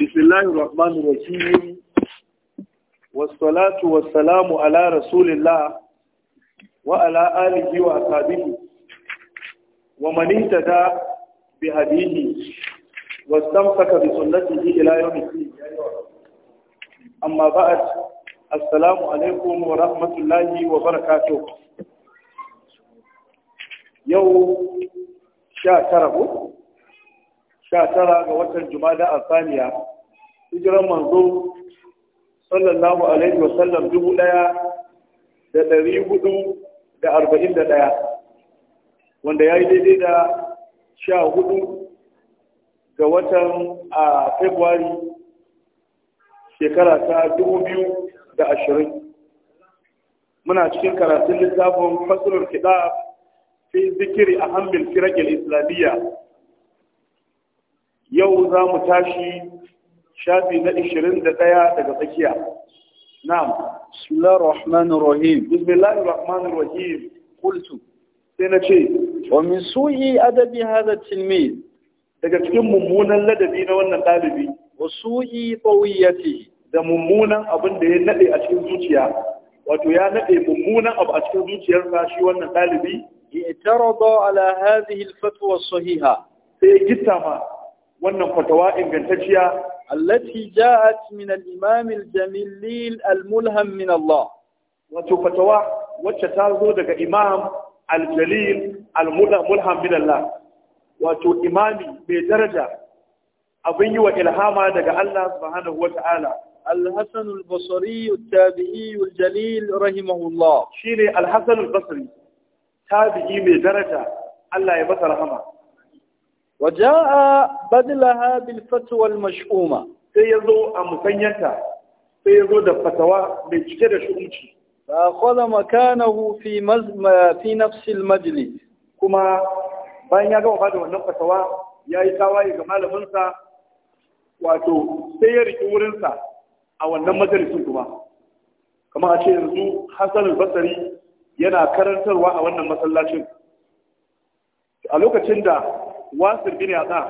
بسم الله الرحمن الرحيم والصلاة والسلام على رسول الله وعلى آله وأصحابه ومن اهتدى بهديه واستمسك بسنته إلى يوم الدين أما بعد السلام عليكم ورحمة الله وبركاته يوم شاء شاكره وقت الجمادة الثانية hijiran manzo sallallahu alaihi wasallam dubu ɗaya da ɗari hudu da arba'in da ɗaya wanda ya yi daidai da sha hudu ga watan a februari shekara ta dubu biyu da ashirin muna cikin karatun littafin fasirar kiɗa fi zikiri a hamil firakil islamiyya yau za mu tashi shafi na 21 daga tsakiya na'am bismillahir rahmanir rahim bismillahir rahmanir rahim sai na ce wa min su'i adabi hadha tilmiz daga cikin mummunan ladabi na wannan dalibi wa su'i tawiyati da mummunan abin da ya nade a cikin zuciya wato ya nade mummunan abu a cikin zuciyarsa shi wannan dalibi i'tarada ala hadhihi al-fatwa as-sahiha sai gitta ma wannan fatawa ingantacciya التي جاءت من الإمام الجميل الملهم من الله وتفتوى وتتازو دك إمام الجليل الملهم من الله wato imami mai daraja abin wa ilhama daga Allah subhanahu wa ta'ala. Al-Hassan basri tabi'i al-Jalil rahimahullah. Shi ne al basri tabi'i mai daraja, Allah ya basa rahama. waja'a badlaha bil fatwa al mash'uma sai yazo a musanyanta sai yazo da fatawa mai cike da shu'umci fa khadha makanahu fi mazma fi kuma bayan ya gama da wannan fatawa yayi tawaye ga malaminsa, wato sai ya riki wurin a wannan majalisin kuma kama a ce yanzu Hassan al-Basri yana karantarwa a wannan masallacin a lokacin da wasir bin yatsa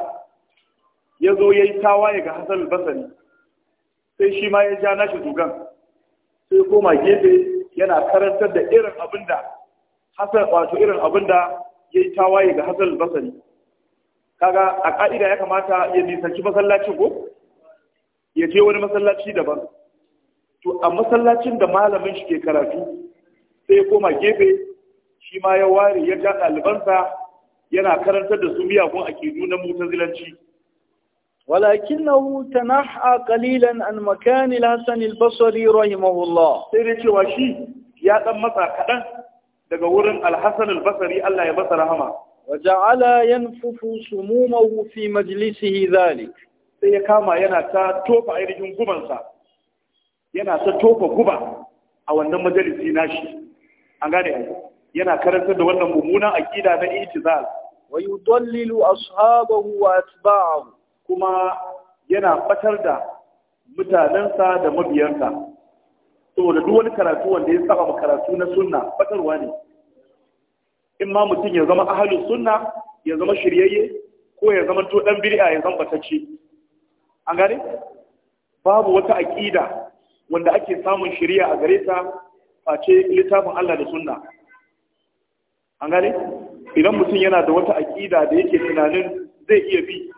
ya zo ya yi tawaye ga hasan basari sai shi ma ya ja nashi dogan sai koma gefe yana karantar da irin abinda hasan wato irin abinda ya yi tawaye ga hasan basari kaga a ka'ida ya kamata ya nisanci masallacin ko ya je wani masallaci daban to a masallacin da malamin shi ke karatu sai koma gefe shi ma ya ware ya ja ɗalibansa yana karantar da su miyagun akidu na mutazilanci na تنحى قليلا عن مكان الحسن البصري رحمه الله sai dai cewa shi ya ɗan masa kaɗan daga wurin al-Hasan Allah ya masa rahama waja'ala su sumumahu fi majlisihi dhalik sai ya kama yana ta tofa ainihin guban yana ta tofa guba a wannan majalisi nashi an gane yana karantar da wannan mummunan aqida na itizal wa yudallilu ashabahu wa atba'ahu kuma yana fatar da mutanensa da mabiyansa saboda duk wani karatu wanda ya saba karatu na sunna fatarwa ne in ma mutum ya zama ahalin sunna ya zama shiryayye ko ya zama to dan bid'a ya zama batacce an gane babu wata aqida wanda ake samun shiriya a gare ta face littafin Allah da sunna an gane idan mutum yana da wata aƙida da yake tunanin zai iya bi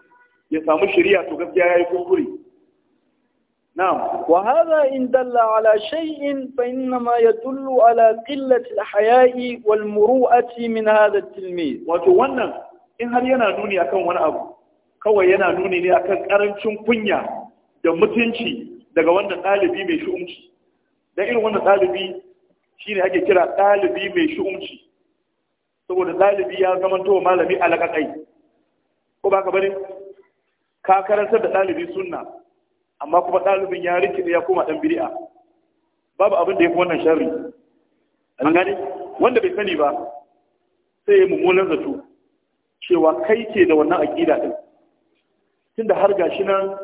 ya samu shari'a to gaskiya yayi kuskure na'am wa hadha in dalla ala shay'in fa inna ma yadullu ala qillati al-haya'i wal muru'ati min hadha at-tilmiz wato wannan in har yana nuni akan wani abu kawai yana nuni ne akan karancin kunya da mutunci daga wannan ɗalibi mai shu'umci dan irin wannan ɗalibi shine ake kira ɗalibi mai shu'umci saboda ɗalibi ya zama to malami alaƙaƙai ko ba ka bari ka karantar da ɗalibi sunna amma kuma ɗalibin ya rikide ya koma ɗan bid'a babu abin da ya fi wannan sharri an gane wanda bai sani ba sai ya mummunan zato cewa kai ke da wannan aqida din tunda har gashi nan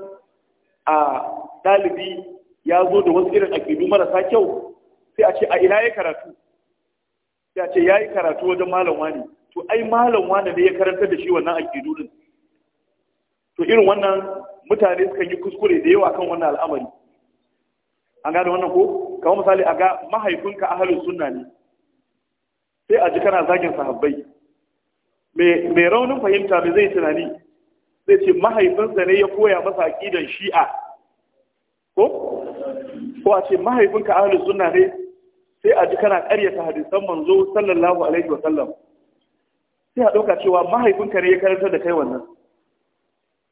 a ɗalibi ya zo da wasu irin aqidu marasa kyau sai a ce a ina ya karatu ya ce yi karatu wajen malam wani to ai malam wani ne ya karanta da shi wannan akidu din to irin wannan mutane suka yi kuskure da yawa kan wannan al'amari an gane wannan ko kamar misali a ga mahaifinka ahalin sunna ne sai a ji kana zagin sahabbai mai raunin fahimta mai zai tunani zai ce mahaifinsa ne ya koya masa aƙidan shi'a ko ko a ce mahaifinka ahalin sunna ne sai a ji kana karyata hadisan manzo sallallahu alaihi wa sallam sai a ɗauka cewa mahaifinka ne ya karantar da kai wannan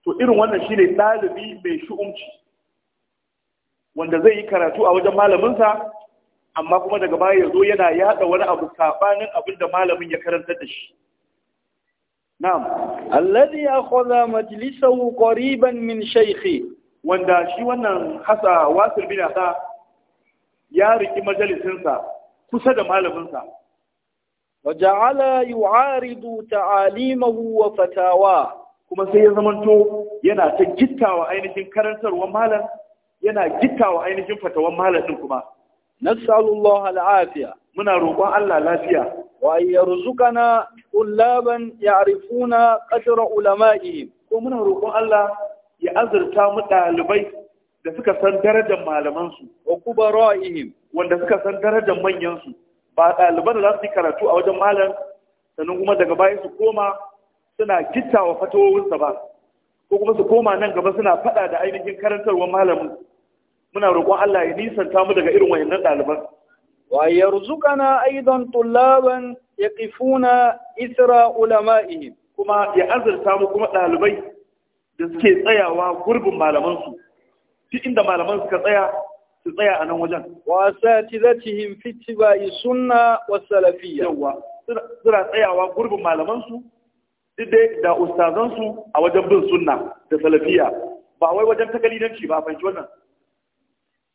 to irin wannan shine ɗalibi mai shu'umci wanda zai yi karatu a wajen malaminsa amma kuma daga baya ya zo yana yada wani abu kafanin abin da malamin ya karantar da shi na'am alladhi akhadha majlisahu qariban min shaykhi wanda shi wannan hasa wasil bin ya riki majalisinsa kusa da malaminsa wa yu'aridu ta'alimahu wa fatawa kuma sai ya zamanto yana ta gittawa ainihin karantarwar malam yana gittawa ainihin fatawan malam din kuma nas'alullah al'afiya muna roƙon Allah lafiya wa yarzuqana tullaban ya'rifuna qadra ulama'ihim ko muna roƙon Allah ya azurta mu ɗalibai da suka san darajar malamansu wa kubara'ihim wanda suka san darajar manyansu ba ɗaliban da za su yi karatu a wajen malam sannan kuma daga bayan su koma suna kittawa fatawowinsa ba ko kuma su koma nan gaba suna faɗa da ainihin karantarwar malamin muna roƙon Allah ya nisanta mu daga irin wayannan ɗaliban wa yarzuqana aidan tullaban yaqifuna isra ulama'ihim kuma ya azurta mu kuma ɗalibai da suke tsayawa gurbin malamansu fi inda malaman suka tsaya su tsaya a nan wajen wa satizatihim fi tibai sunna wa salafiyya yawa suna tsayawa gurbin malaman su dide da ustazan su a wajen bin sunna da salafiyya ba wai wajen takalidanci ba fahimci wannan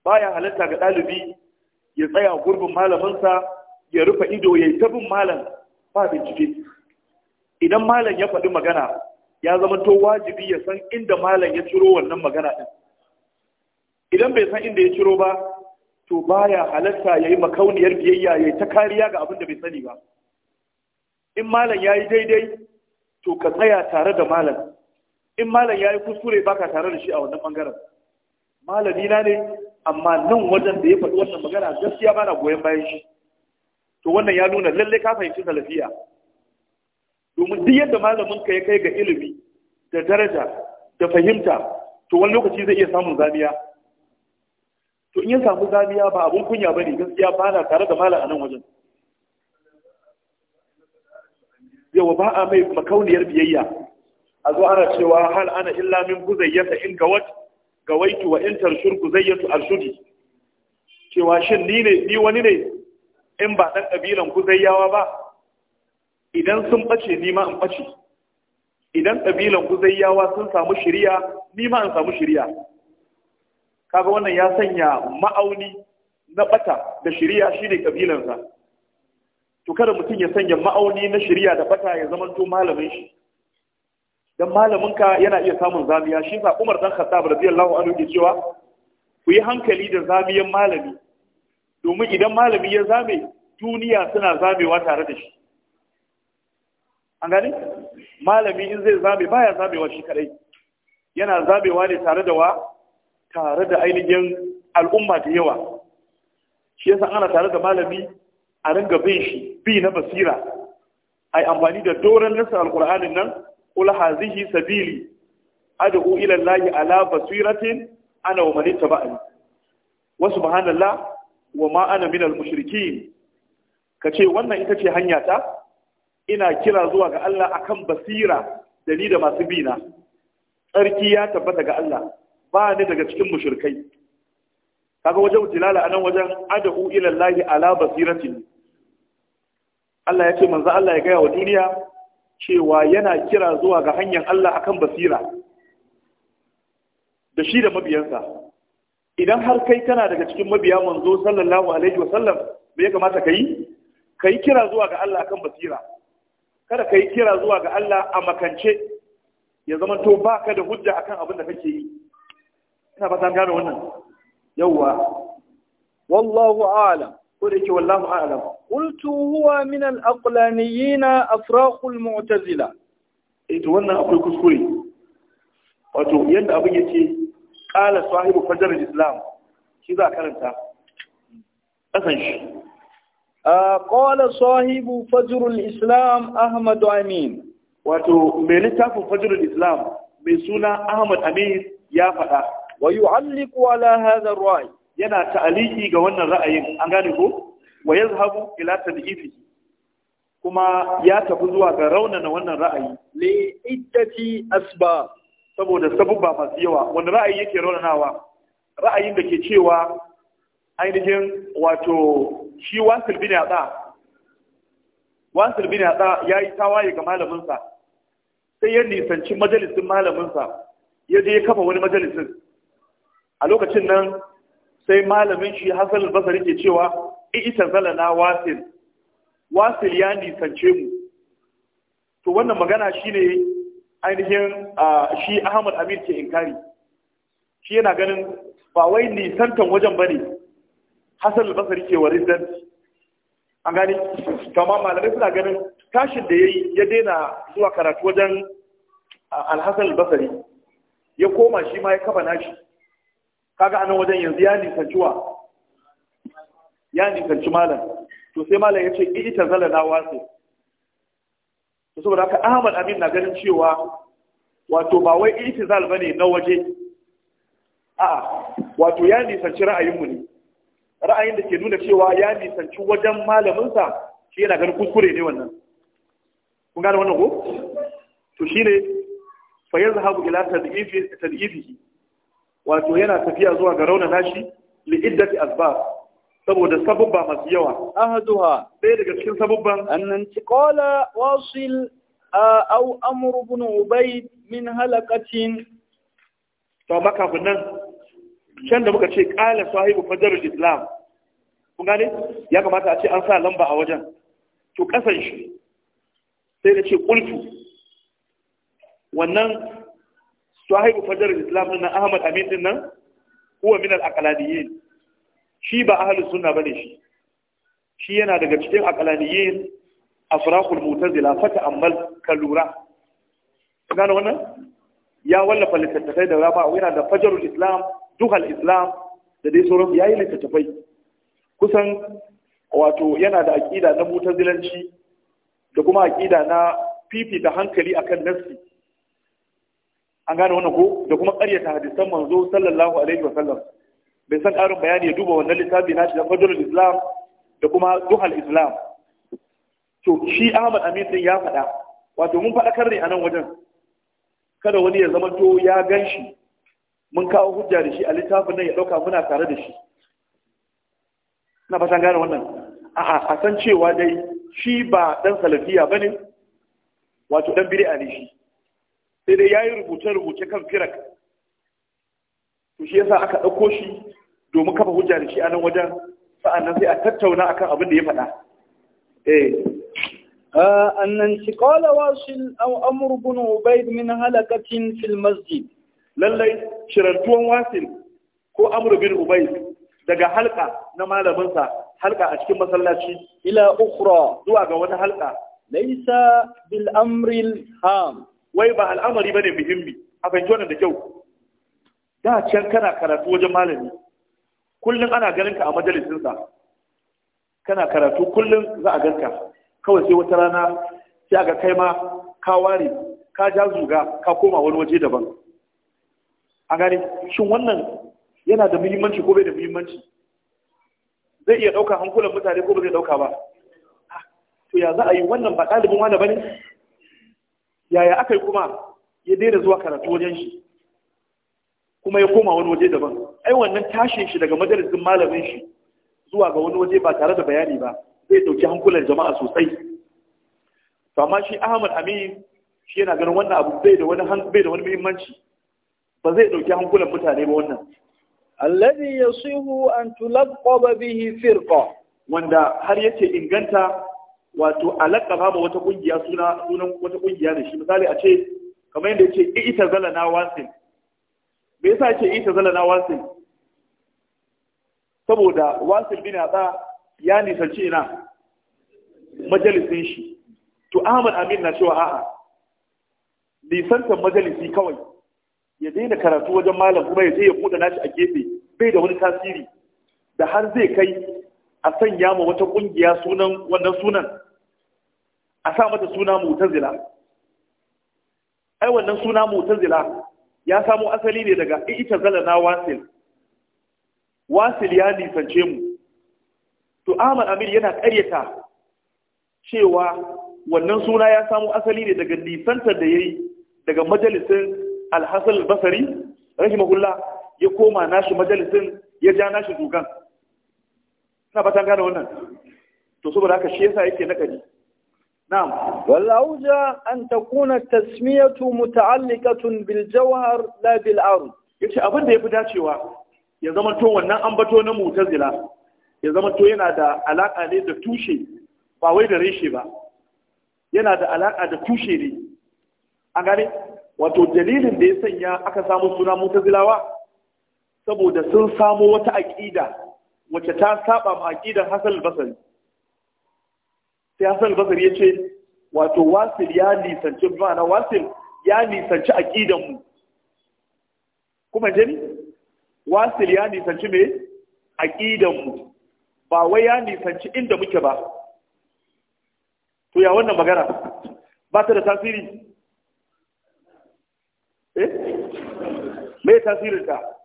baya halatta ga ɗalibi ya tsaya gurbin malamansa ya rufe ido ya yi ta bin malam ba bincike idan malam ya faɗi magana ya zama to wajibi ya san inda malam ya ciro wannan magana ɗin idan bai san inda ya ciro ba to baya halatta yayi makauniyar biyayya yayi ta kariya ga abin da bai sani ba in malam yayi daidai to ka tsaya tare da malam in malam yayi kuskure baka tare da shi a wannan bangaren malami na ne amma nan wajen da ya faɗi wannan magana gaskiya ba na goyon bayan shi to wannan ya nuna lalle ka fahimci salafiya domin duk yadda malamin ka ya kai ga ilimi da daraja da fahimta to wani lokaci zai iya samun zamiya to in samu zamiya ba abun kunya ba ne gaskiya ba na tare da malam a nan wajen yawa ba a mai makauniyar biyayya a zo ana cewa hal ana illa min guzayyata in gawat gawaitu wa in tarshur guzayyatu arshudi cewa shin ni ne ni wani ne in ba dan kabilan guzayyawa ba idan sun bace ni ma in bace idan kabilan guzayyawa sun samu shiriya ni ma in samu shiriya kaga wannan ya sanya ma'auni na bata da shiriya shine kabilansa to kada mutum ya sanya ma'auni na shiriya da bata ya zama to malamin shi dan malamin ka yana iya samun zamiya shi sa Umar dan Khattab radiyallahu anhu ke cewa ku yi hankali da zamiyan malami domin idan malami ya zame duniya suna zamewa tare da shi an gani malami in zai zame baya zamewa shi kadai yana zamewa ne tare da wa tare da ainihin al'umma da yawa shi yasa ana tare da malami a ringa bin shi bi na basira ai amfani da doron nasa alkur'anin nan qul hazihi sabili ad'u ila allahi ala basiratin ana wa malita ba'ali wa subhanallah wa ma ana min al Ka ce wannan ita ce hanya ta ina kira zuwa ga Allah akan basira da ni da masu bina tsarki ya tabbata ga Allah ba ni daga cikin mushrikai kaga wajen tilala anan wajen ad'u ila llahi ala basirati Allah ya manzo Allah ya gaya wa duniya cewa yana kira zuwa ga hanyar Allah akan basira da shi da mabiyansa idan har kai kana daga cikin mabiya manzo sallallahu alaihi wa sallam me ya kamata ka yi kira zuwa ga Allah akan basira kada ka yi kira zuwa ga Allah a makance ya zama to baka da hujja akan abin da kake yi ina ba san gane wannan yawwa wallahu a'lam ko da yake wallahu a'lam qultu huwa min al-aqlaniyina afraqu al-mu'tazila eh to wannan akwai kuskure wato yadda abin yake qala sahibu fajr al-islam shi za karanta kasan shi ah, qala sahibu fajr al-islam ahmad amin wato mai littafin fajr al-islam mai suna ahmad amin ya faɗa wa yu'alliqu ala hadha ar yana ta'aliki ga wannan ra'ayin an gane ko wa yazhabu ila tad'ifi kuma ya tafi zuwa ga raunana wannan ra'ayi li iddati asba saboda sabubba masu yawa wani ra'ayi yake raunanawa ra'ayin da ke cewa ainihin wato shi wasil bin wasil bin ya tawaye ga malaminsa sai ya nisanci majalisin malaminsa ya je ya kafa wani majalisin a lokacin nan sai malamin shi hasan al-basri ke cewa ita zalana wasil wasil ya nisance mu to wannan magana shine ainihin shi Ahmad Amir ke inkari shi yana ganin ba wai nisantan wajen bane Hassan al-Basri ke warizan an gani kama malamai suna ganin tashin da yayi ya daina zuwa karatu wajen al-Hassan al-Basri ya koma shi ma ya kaba nashi kaga anan wajen yanzu ya nisanci wa ya nisanci malam to sai malam ya ce iji ta zala na wasu to saboda haka ahmad amin na ganin cewa wato ba wai iji zala bane na waje a wato ya nisanci ra'ayinmu ne ra'ayin da ke nuna cewa ya nisanci wajen malaminsa shi yana ganin kuskure ne wannan kun gane wannan ko to shine fa yazhabu ila tad'ifi tad'ifihi wato yana tafiya zuwa ga raunana shi li iddati asbab saboda sabubba masu yawa ahduha sai daga cikin sabubban annan tiqala wasil aw amr ibn ubayd min halaqatin to maka nan can da muka ce qala sahibu fajr islam kun gane ya kamata a ce an sa lamba a wajen to kasan shi sai da ce qultu wannan To sahibu fajar islam din nan ahmad amin din nan huwa min al aqlaniyin shi ba ahlus sunna bane shi shi yana daga cikin aqlaniyin afraqul mu'tazila fa ta'ammal kalura gano wannan ya wallafa littattafai da raba yana da fajarul islam duhal islam da dai sauran yayi littattafai kusan wato yana da aqida na mutazilanci da kuma aqida na fifita hankali akan nafsi an gane wannan ko da kuma ƙaryata hadisan manzo sallallahu alaihi wasallam bai san ƙarin bayani ya duba wannan littafi na shi da fadlul islam da kuma duhal islam to shi ahmad amin din ya faɗa wato mun faɗakar ne a nan wajen kada wani ya zama to ya gan shi mun kawo hujja da shi a littafin nan ya ɗauka muna tare da shi na fasan gane wannan a'a a san cewa dai shi ba ɗan salafiya ba ne wato ɗan a ne shi sai dai yi rubuce-rubuce kan firak to shi yasa aka ɗauko shi domin kafa hujja da shi a nan wajen sa'annan sai a tattauna akan abin da ya faɗa eh أن انتقال واصل أو أمر بن عبيد من هلكة في lallai shirantuwan wasil ko amur bin daga halka na malaminsa halka a cikin masallaci ila ukhra zuwa ga wata halka laisa bil amril ham wai ba al'amari ba ne muhimmi a fahimci wannan da kyau da can kana karatu wajen malami kullum ana ganin ka a majalisinsa kana karatu kullum za a ganka kawai sai wata rana sai aga kai ma ka ware ka ja zuga ka koma wani waje daban a gani. shin wannan yana da muhimmanci ko bai da muhimmanci zai iya ɗauka hankulan mutane ko ba zai ɗauka ba ah, to ya za a yi wannan ba ɗalibin wani bane yaya aka yi kuma ya daina zuwa karatu wajen shi kuma ya koma wani waje daban ai wannan tashin shi daga majalisin malamin shi zuwa ga wani waje ba tare da bayani ba zai dauki hankulan jama'a sosai amma shi Ahmad Amin shi yana ganin wannan abu bai da wani bai da wani muhimmanci ba zai dauki hankulan mutane ba wannan alladhi yasihu an tulaqaba bihi firqa wanda har yace inganta wato alaka ba wata kungiya suna sunan wata kungiya da shi misali a ce kamar yadda ya ce ita zala na wasin me yasa ce ita zala na wasin saboda wasin bin atsa ya nisanci ina majalisin shi to ahmad amin na cewa a'a nisantar majalisi kawai ya daina karatu wajen malam kuma ya je ya buɗe nashi a gefe bai da wani tasiri da har zai kai a sanya ma wata ƙungiya sunan wannan sunan a sa mata suna mutazila ai wannan suna mutazila ya samo asali ne daga ita zala na wasil wasil ya nisance mu to ahmad amir yana ƙaryata cewa wannan suna ya samo asali ne daga nisantar da ya yi daga majalisin alhassan basari rahimahullah ya koma nashi majalisin ya ja nashi dugan na fatan gane wannan to saboda haka shi yasa yake nakari an takuna tasmiyatu muta'alliqatun bil jawhar la bil بالأرض yace abin da ya fi dacewa ya zama to wannan ambato na mutazila ya zama to yana da alaka ne da tushe ba wai da reshe ba yana da alaka da tushe ne an gane wato dalilin da ya sanya aka samu suna mutazilawa saboda sun samo wata aƙida wacce ta saba ma aqidar Hassan al-Basri sai Hassan al-Basri yace wato wasil ya nisanci ma'ana wasil ya nisanci aqidar mu kuma je ni wasil ya nisanci me aqidar mu ba wai ya nisanci inda muke ba to ya wannan magana ba ta da tasiri eh me tasirin ta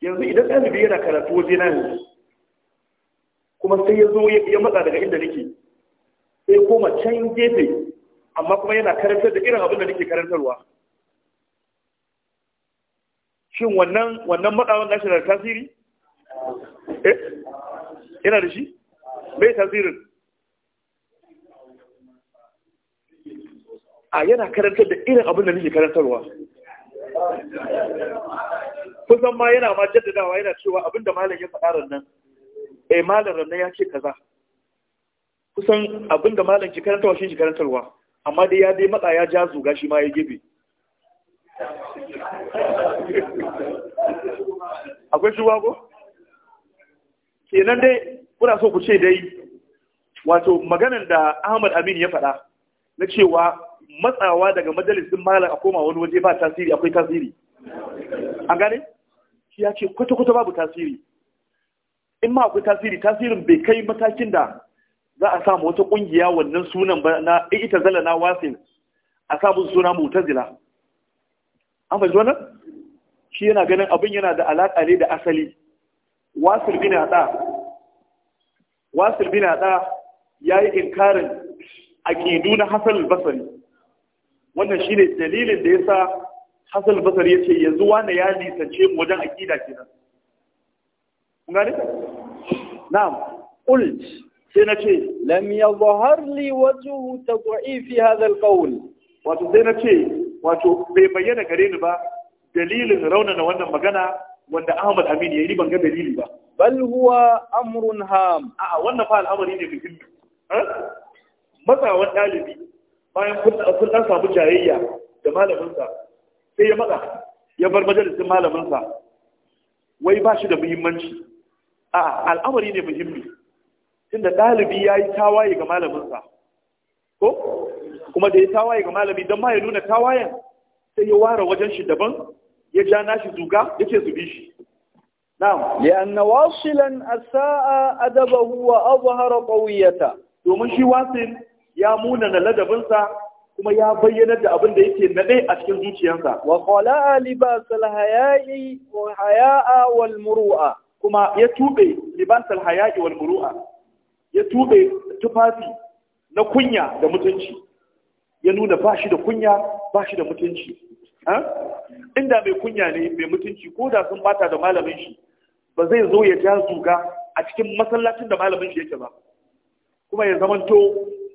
yanzu idan ɗalibi yana karatu waje na yanzu kuma sai ya zo ya matsa daga inda nake sai koma can gefe amma kuma yana karantar da irin abin da nake karantarwa shin wannan wannan matsawan nashi da tasiri eh yana da shi mai tasirin a yana karantar da irin abin da nake karantarwa kusan ma yana ma jaddadawa yana cewa abinda malam ya faɗa rannan eh malam rannan ya ce kaza kusan abinda malam ki karanta shi ki karantarwa amma dai ya dai matsa ya ja zuga shi ma ya gibe akwai shi wago kenan dai kuna so ku ce dai wato maganan da Ahmad Amin ya faɗa na cewa matsawa daga majalisin malam a koma wani waje ba tasiri akwai tasiri an gane ya ce kwata-kwata babu tasiri in ma akwai tasiri tasirin bai kai matakin da za a samu wata kungiya wannan sunan ba na ita zala na wasin a samu suna mutazila an fahimci wannan shi yana ganin abin yana da alaƙa ne da asali wasil bin hada wasil bin hada ya yi inkarin aƙidu na hasal basari wannan shine dalilin da ya sa hasan Basar ya ce yanzu wani ya lisance mu wajen aƙida kenan kun gane na'am ult sai na ce lam yadhhar li wajhu tad'ifi hadha alqawl wato sai na ce wato bai bayyana gare ni ba dalilin raunana wannan magana wanda Ahmad Amin yayi ban ga dalili ba bal huwa amrun ham a wannan fa al'amari ne muhimmi matsawan ɗalibi bayan kun samu jayayya da malaminsa. sai ya mada ya bar majalisin malaminsa wai ba shi da muhimmanci a al'amari ne muhimmi tunda ɗalibi ya yi tawaye ga malaminsa ko kuma da ya tawaye ga malami don ma ya nuna tawayen sai ya ware wajen shi daban ya ja nashi zuga ya ce su shi na'am anna wasilan asa'a adabahu wa azhara qawiyata domin shi wasil ya munana ladabinsa kuma ya bayyana da abin da yake nade a cikin zuciyarsa wa qala libas hayai wa haya'a wal muru'a kuma ya tube libas hayai wal muru'a ya tube tufafi na kunya da mutunci ya nuna ba shi da kunya ba shi da mutunci inda mai kunya ne mai mutunci ko da sun bata da malamin shi ba zai zo ya ja zuga a cikin masallacin da malamin shi yake ba kuma ya zamanto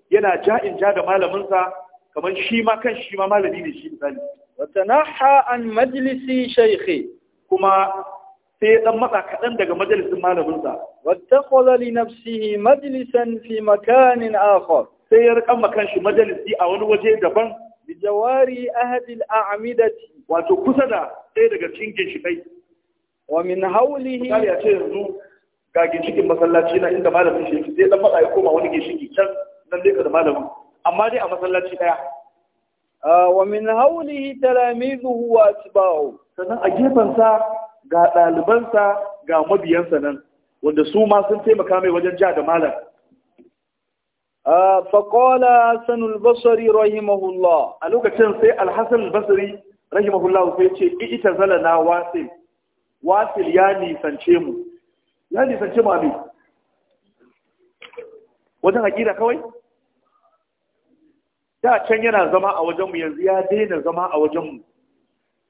yana ja'in ja da malaminsa kamar shi ma kan shi ma malami ne shi misali wa tanaha an majlisi shaikhe. kuma sai dan matsa kaɗan daga majalisin malaminsa. sa wa takhadha li nafsihi majlisan fi makanin akhar sai ya rika makan shi majalisi a wani waje daban bi jawari ahadi al-a'midati wato kusa da Sai daga cikin shi kai wa min hawlihi ya ce yanzu ga ginshikin masallaci na inda malamin shi yake sai dan matsa ya koma wani ginshiki can nan dai ka da malamin amma dai a masallaci ɗaya. Ah, wa min haulihi talamizuhu wa atba'u sannan a gefansa ga ɗalibansa ga mabiyansa nan wanda su ma sun taimaka mai wajen ja da malam ah, faqala hasan al rahimahullah a lokacin sai Alhassan hasan basri rahimahullah sai ce ita na wasil wasil ya nisance mu ya nisance mu abin wajen hakira kawai da can yana zama a wajenmu yanzu ya daina zama a wajenmu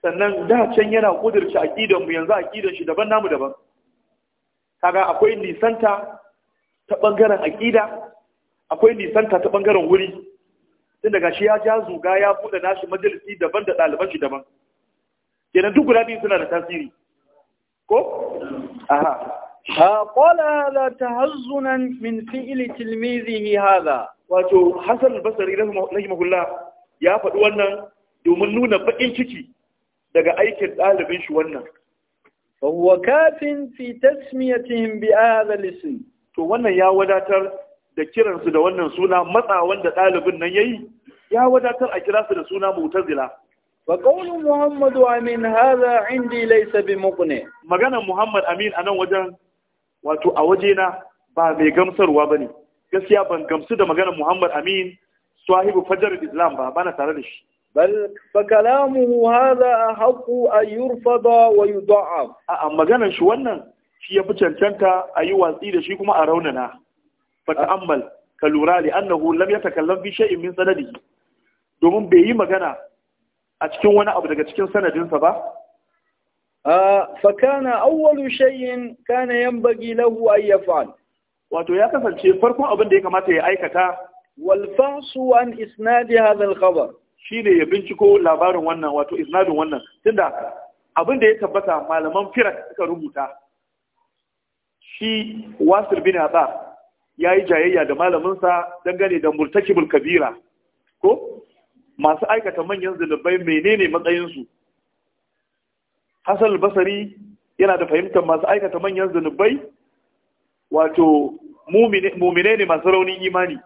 sannan da can yana kudirce aƙidanmu yanzu aƙidan shi daban namu daban kaga akwai nisanta ta ɓangaren aƙida akwai nisanta ta ɓangaren wuri tun daga shi ya ja zuga ya buɗe nashi majalisi daban da ɗaliban shi daban kenan duk guda biyu suna da tasiri ko aha قال لا تهزنا من فعل تلميذه هذا wato Hassan Basari basri rahimahullah ya faɗi wannan domin nuna baƙin ciki daga aikin ɗalibin shi wannan fa huwa kafin fi tasmiyatihim bi hadha al to wannan ya wadatar da kiran su da wannan suna matsa wanda ɗalibin nan yayi ya wadatar a kira su da suna mu'tazila wa qawlu muhammadu amin hadha indi laysa bi muqni magana muhammad amin anan wajen wato a wajena ba mai gamsarwa ba ne gaskiya ban gamsu da maganar muhammad amin sahibu fajar islam ba bana tare da shi bal fa kalamuhu hadha haqqu an yurfada wa yud'af a maganar shi wannan shi yafi cancanta a yi watsi da shi kuma a raunana fa ta'ammal ka lura li annahu lam yatakallam fi shay'in min sanadihi domin bai yi magana a cikin wani abu daga cikin sanadinsa ba fakana Auwalu shay'in kana ينبغي له an يفعل wato ya kasance farkon abin da ya kamata ya aikata wal an isnadi hadha al shine ya binciko labarin wannan wato isnadin wannan tunda abin da ya tabbata malaman firak suka rubuta shi wasir bin aba ya yi jayayya da malamin sa dangane da murtakibul kabira ko masu aikata manyan zunubai menene matsayin su hasal basari yana da fahimtar masu aikata manyan zunubai wato mumine ne masu raunin imani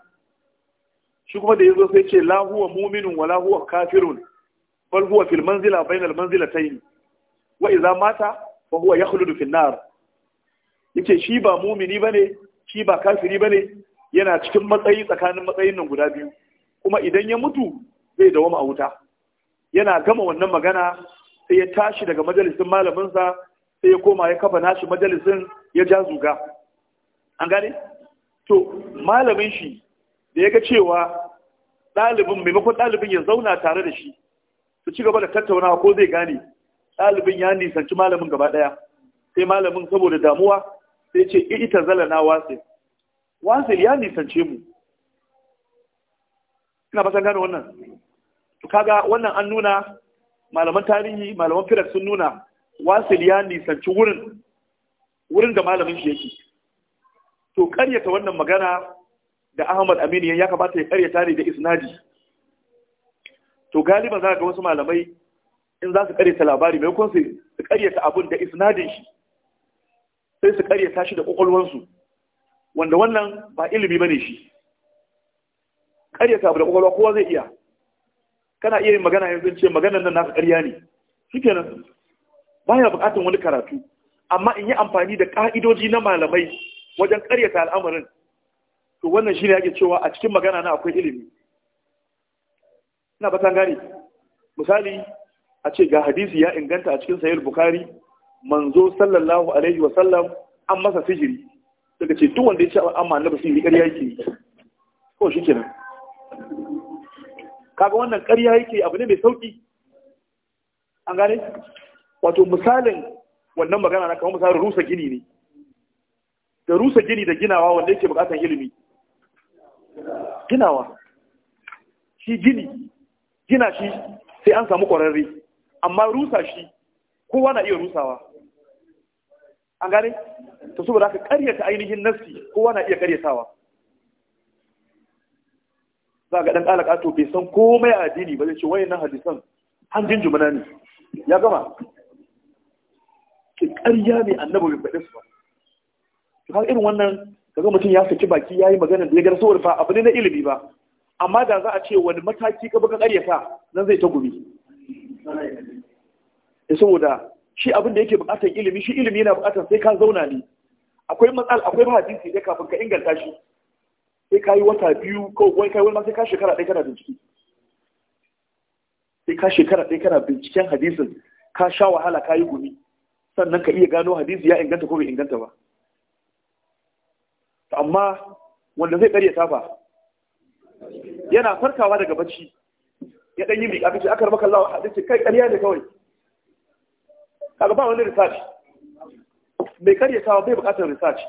shi kuma da ya zo sai ce lahuwa muminin wa lahuwa kafirun bal huwa fil manzila bainal manzilatayn wa idza mata fa huwa yakhludu fil nar yace shi ba mumini bane shi ba kafiri bane yana cikin matsayi tsakanin matsayin nan guda biyu kuma idan ya mutu zai dawama a wuta yana gama wannan magana sai ya tashi daga majalisin malaminsa sai ya koma ya kafa nashi majalisin ya ja zuga an gane to malamin shi da ya ga cewa ɗalibin maimakon ɗalibin ya zauna tare da shi su ci gaba da tattaunawa ko zai gane ɗalibin ya nisanci malamin gaba ɗaya sai malamin saboda damuwa sai ce ita zala na wasil wasil ya nisance mu ina ba gane wannan to kaga wannan an nuna malaman tarihi malaman firar sun nuna wasil ya nisanci wurin wurin da malamin shi yake to karyata wannan magana da ahmad aminu ya kamata ya karyata ne da isnadi to galiba za ga wasu malamai in za su karyata labari mai kun su karyata abun da isnadin shi sai su karyata shi da kwakwalwansu wanda wannan ba ilimi bane shi karyata abu da kwakwalwa kowa zai iya kana iya yin magana yanzu ce maganar nan nasu ƙarya ne ba baya buƙatar wani karatu amma in yi amfani da ƙa'idoji na malamai wajen ƙaryata al'amarin to wannan shi ne ake cewa a cikin magana na akwai ilimi ina batan gane misali a ce ga hadisi ya inganta a cikin sahih bukhari manzo sallallahu alaihi wa sallam an masa sihiri daga ce duk wanda ya ce amma annabi sihiri ƙarya yake ko nan? kaga wannan ƙarya yake abu ne mai sauki an gane wato misalin wannan magana na kamar misalin rusa gini ne da rusa gini da ginawa wanda yake bukatan ilimi ginawa shi gini gina shi sai an samu ƙwararre amma rusa shi kowa na iya rusawa an gane ta saboda haka ƙaryata ainihin nassi kowa na iya ƙaryatawa za ga dan alaka to bai san komai a addini ba zai ce na hadisan hanjin jumana ne ya gama ki ƙarya ne annabi bai faɗi su ba har irin wannan kaga mutum ya saki baki yayi magana da ya gar saboda fa abu ne na ilimi ba amma da za a ce wani mataki ka baka ta nan zai ta gumi e saboda shi abin da yake buƙatar ilimi shi ilimi yana buƙatar sai ka zauna ne akwai matsal akwai hadisi da kafin ka inganta shi sai ka yi wata biyu ko wai kai wani ma sai ka shekara ɗaya kana bincike sai ka shekara ɗaya kana binciken hadisin ka sha wahala ka yi gumi sannan ka iya gano hadisi ya inganta ko bai inganta ba amma wanda zai karya tafa yana farkawa daga bacci ya ɗan yi miƙa ce aka maka lawa hadisi kai ƙarya ne kawai kaga ba wani research mai karyatawa bai buƙatar research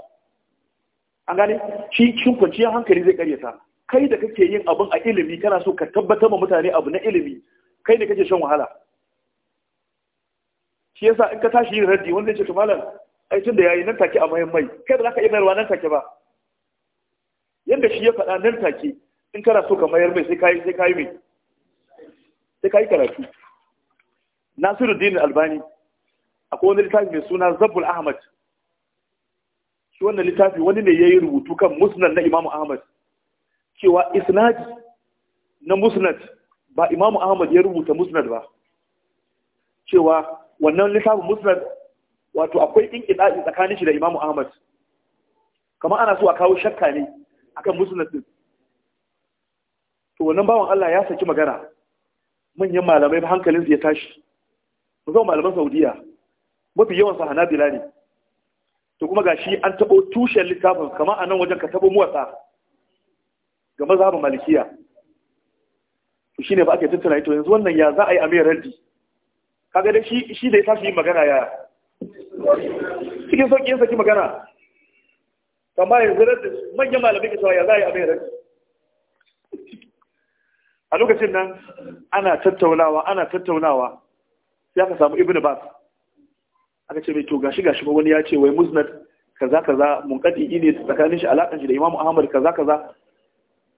an gane shi cikin kwanciyar hankali zai karyata kai da kake yin abin a ilimi kana so ka tabbatar ma mutane abu na ilimi kai ne kake shan wahala shi yasa in ka tashi yin raddi wanda ya ce tumalan ai tun da yayi nan take a mayan mai kai ba za ka iya mayarwa nan take ba yanda shi ya faɗa nan take in kana so ka mayar mai sai kayi sai kayi mai sai kayi karatu Nasiruddin Albani akwai wani littafi mai suna Zabbul Ahmad shi wannan littafi wani ne ya yi rubutu kan musnad na imamu ahmad cewa isnad na musnad ba imamu ahmad ya rubuta musnad ba cewa wannan littafin musnad wato akwai in ƙidaɗi tsakanin shi da imamu ahmad kamar ana so a kawo shakka ne akan musnad din to wannan bawan allah ya saki magana manyan malamai hankalinsu ya tashi musamman malaman saudiya mafi yawan sa hanabila ne to kuma gashi an tabo tushen littafin kamar a nan wajen ka tabo muwasa ga mazhabin malikiya to shine ba ake tattauna ito yanzu wannan ya za a yi a raddi kaga da shi shi da ya tashi yin magana ya cikin sauki yin saki magana kamar yanzu raddi manyan malamai ke cewa ya za a yi a raddi a lokacin nan ana tattaunawa ana tattaunawa sai aka samu ibnu bas aka ce mai to gashi gashi ba wani ya ce wai musnad kaza kaza mun kadi ne tsakanin shi alakan shi da Imam Ahmad kaza kaza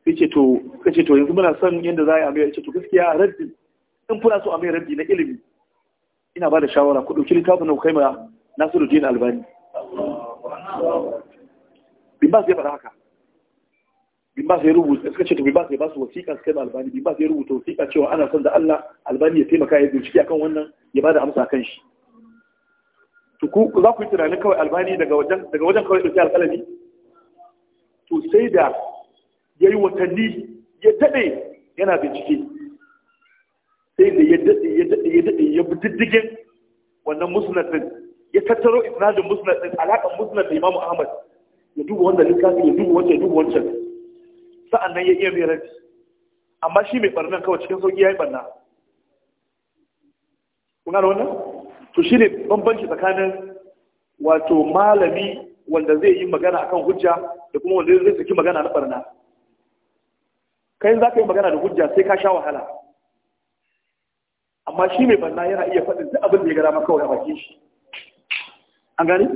kace to kace to yanzu muna son yanda za a yi amiya yace to gaskiya raddi in kuna so amiya raddi na ilimi ina ba da shawara ku dauki littafin na kai ma Nasiruddin Albani bin ba sai fara haka bin ba sai rubuta suka ce to bin ba sai ba su wasiƙa su kai ma Albani bin ba sai rubuta wasiƙa cewa ana son da Allah Albani ya taimaka ya bincike akan wannan ya bada amsa kan shi ku za ku yi tunanin kawai albani daga wajen kawai ɗauki alƙalami to sai da ya yi watanni ya daɗe yana bincike sai da ya daɗe ya daɗe ya daɗe ya diddigin wannan musnadin ya tattaro isnadin musnadin alaƙar musnad da imamu ahmad ya duba wannan littafin ya duba wancan ya duba wancan sa'an nan ya iya mai rabi amma shi mai barnan kawai cikin sauƙi ya yi barna kun da wannan to shi ne bambanci tsakanin wato malami wanda zai yi magana akan hujja da kuma wanda zai saki magana na barna kai za ka yi magana da hujja sai ka sha wahala amma shi mai barna yana iya faɗin duk abin da ya gara maka kawai a bakin shi an gani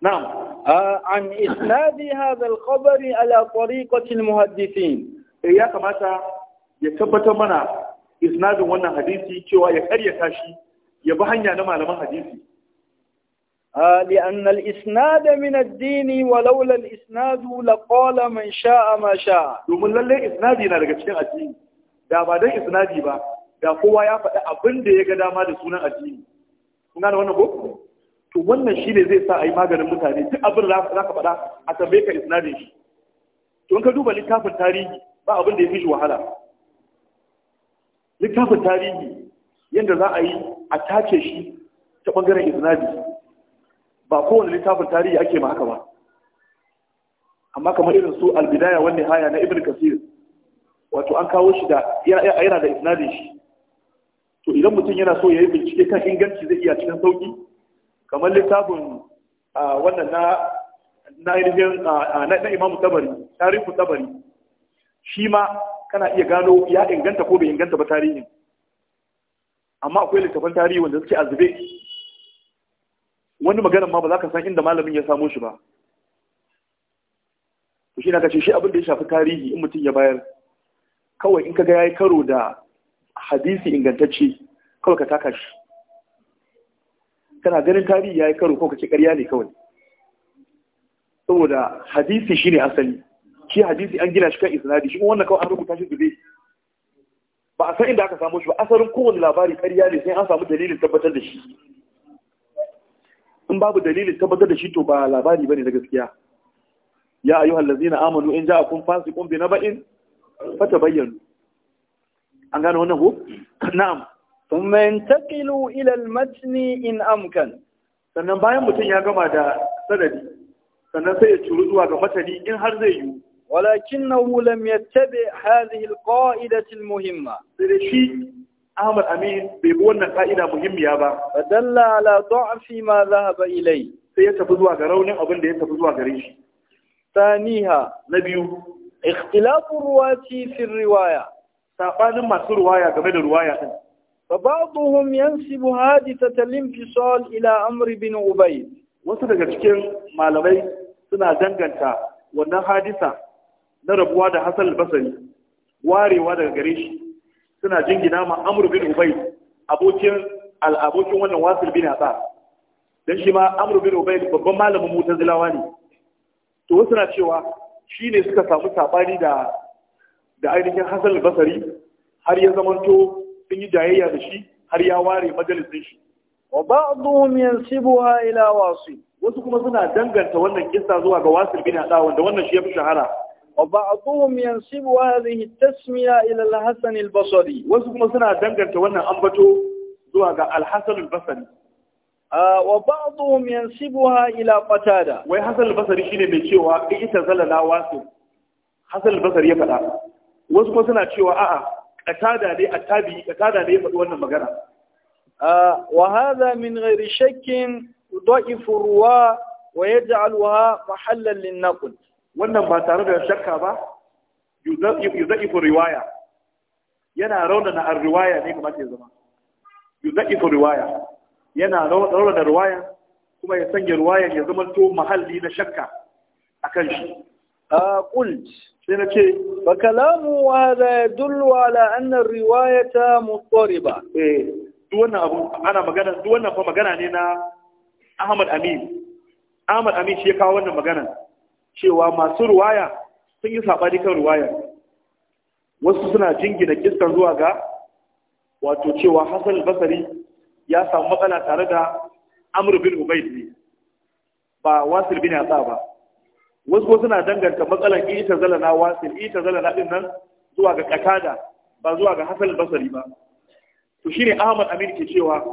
na'am an isnadi hadha al-khabar ala tariqati al-muhaddithin eh, ya kamata ya tabbatar mana isnadin wannan hadisi cewa ya karyata shi ya bi hanya na malaman hadisi ah, dini wa laula al ولولا la qala man sha'a ma sha'a domin lalle isnadi na daga cikin addini da ba dan isnadi ba da kowa ya faɗi abin da ya ga dama da sunan addini kuna da wannan ko to wannan shine zai sa ayi maganin mutane duk abin da ka faɗa a tambaye ka isnadin shi to in ka duba littafin tarihi ba abin da ya fi wahala littafin tarihi yadda za a yi a tace shi ta ɓangaren iznabi ba kowane littafin tarihi ake ma haka ba amma kamar irin su albidaya wani haya na ibn kasir wato an kawo shi da yana da iznabi shi to idan mutum yana so ya yi bincike kan inganci zai iya cikin sauki kamar littafin wannan na na ainihin na imamu tabari tarihin tabari shi ma kana iya gano ya inganta ko bai inganta ba tarihin amma akwai littafan tarihi wanda suke azube wani maganar ma ba za ka san inda malamin ya samo shi ba to shi na kace shi abin da ya shafi tarihi in mutum ya bayar kawai in kaga yayi karo da hadisi ingantacce kawai ka taka shi kana ganin tarihi yayi karo ko kace ƙarya ne kawai saboda hadisi shine asali shi hadisi an gina shi kan isnadi shi wannan kawai an rubuta shi zube ba a san inda aka samu shi ba asalin kowane labari ƙarya ne sai an samu dalilin tabbatar da shi in babu dalilin tabbatar da shi to ba labari bane na gaskiya ya ayyuhal ladzina amanu in ja'akum fasiqun bi naba'in fatabayyanu an gano wannan ko na'am thumma intaqilu ila al-matni in amkan sannan bayan mutum ya gama da sanadi sannan sai ya turu zuwa ga matani in har zai yi Walakin ولكنه لم يتبع Sai da shi Ahmad Amin bai bi wannan ka'ida muhimmiya ba. Fadalla ala da'fi ma dhahaba ilai. Sai ya tafi zuwa ga raunin abin da ya tafi zuwa gare shi. Saniha na biyu. Ikhtilafu ruwati fi riwaya. Sabanin masu ruwaya game da ruwaya din. Fabaduhum yansibu hadithata al-infisal ila Amri bin Ubaid. Wasu daga cikin malamai suna danganta wannan hadisa na rabuwa da Hassan al warewa daga gare shi suna jingina ma Amr bin Ubay abokin al-abokin wannan Wasil bin Asa dan shi ma Amr bin Ubay babban malamin Mu'tazilawa ne to wasu na cewa shine suka samu sabani da da ainihin Hassan basari har ya zamanto sun yi jayayya da shi har ya ware majalisin shi wa ba'dhum yansibuha ila wasi wasu kuma suna danganta wannan kissa zuwa ga Wasil bin Asa wanda wannan shi ya fi shahara وبعضهم ينسب هذه التسمية إلى الحسن البصري وسكما سنة دنجرت وانا أنبتو زوها الحسن البصري آه وبعضهم ينسبها إلى قتادة وحسن البصري شيني بيشيوها إيتزل لا واسم حسن البصري يفعل وسكما سنة شيوها آآ قتادة دي أتابي قتادة دي يفعل وانا مغانا آه وهذا من غير شك يضعف الرواة ويجعلها محلا للنقل wannan ba tare da shakka ba yuzaifu riwaya yana raunana ar riwaya ne kamar ya zama yuzaifu riwaya yana raunana riwaya kuma ya sanya riwaya ya zama to mahalli na shakka akan shi a qult sai na ce. Ba kalamu wa za ya dulwa la annan riwaya ta mutsori ba eh, wannan abu ana magana duk wannan fa magana ne na Ahmad Amin Ahmad Amin shi ya kawo wannan magana cewa masu ruwaya sun yi saɓani kan ruwaya wasu suna jingina kiskan zuwa ga wato cewa hassan basari ya samu matsala tare da amur bin ubaid ne ba wasir bin yasa ba wasu suna danganta matsalan ita na wasir ita na din nan zuwa ga katada ba zuwa ga hassan basari ba to shine ahmad amin ke cewa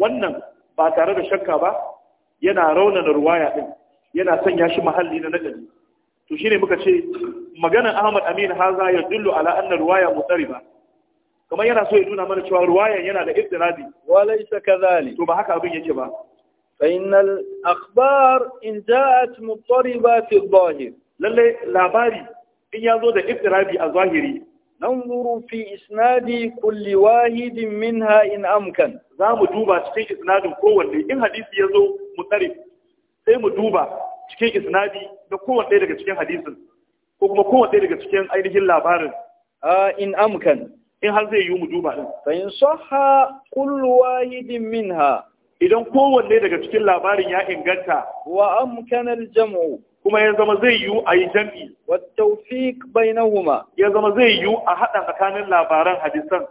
wannan ba tare da shakka ba yana raunana ruwaya din yana sanya shi mahalli na nagari to shine muka ce maganan Ahmad Amin haza ya dullu ala anna riwaya mutariba kamar yana so ya nuna mana cewa riwayan yana da ibtiradi wa laysa kadhalik to ba haka abin yake ba fa innal akhbar in ja'at mutariba fi dhahir lalle labari in yazo da ibtirabi a zahiri ننظر في إسناد كل واحد منها إن أمكن za mu duba cikin isnadin kowanne in hadisi ya zo mutarif sai mu duba cikin isnadi da kowanne ɗaya daga cikin hadisin ko kuma kowanne ɗaya daga cikin ainihin labarin in amkan in har zai yi mu duba din fa in sahha kullu wahidin minha idan kowanne daga cikin labarin ya inganta wa amkan al-jam'u kuma ya zama zai yiwu a yi jam'i wa tawfiq bainahuma ya zama zai yiwu a haɗa tsakanin labaran hadisan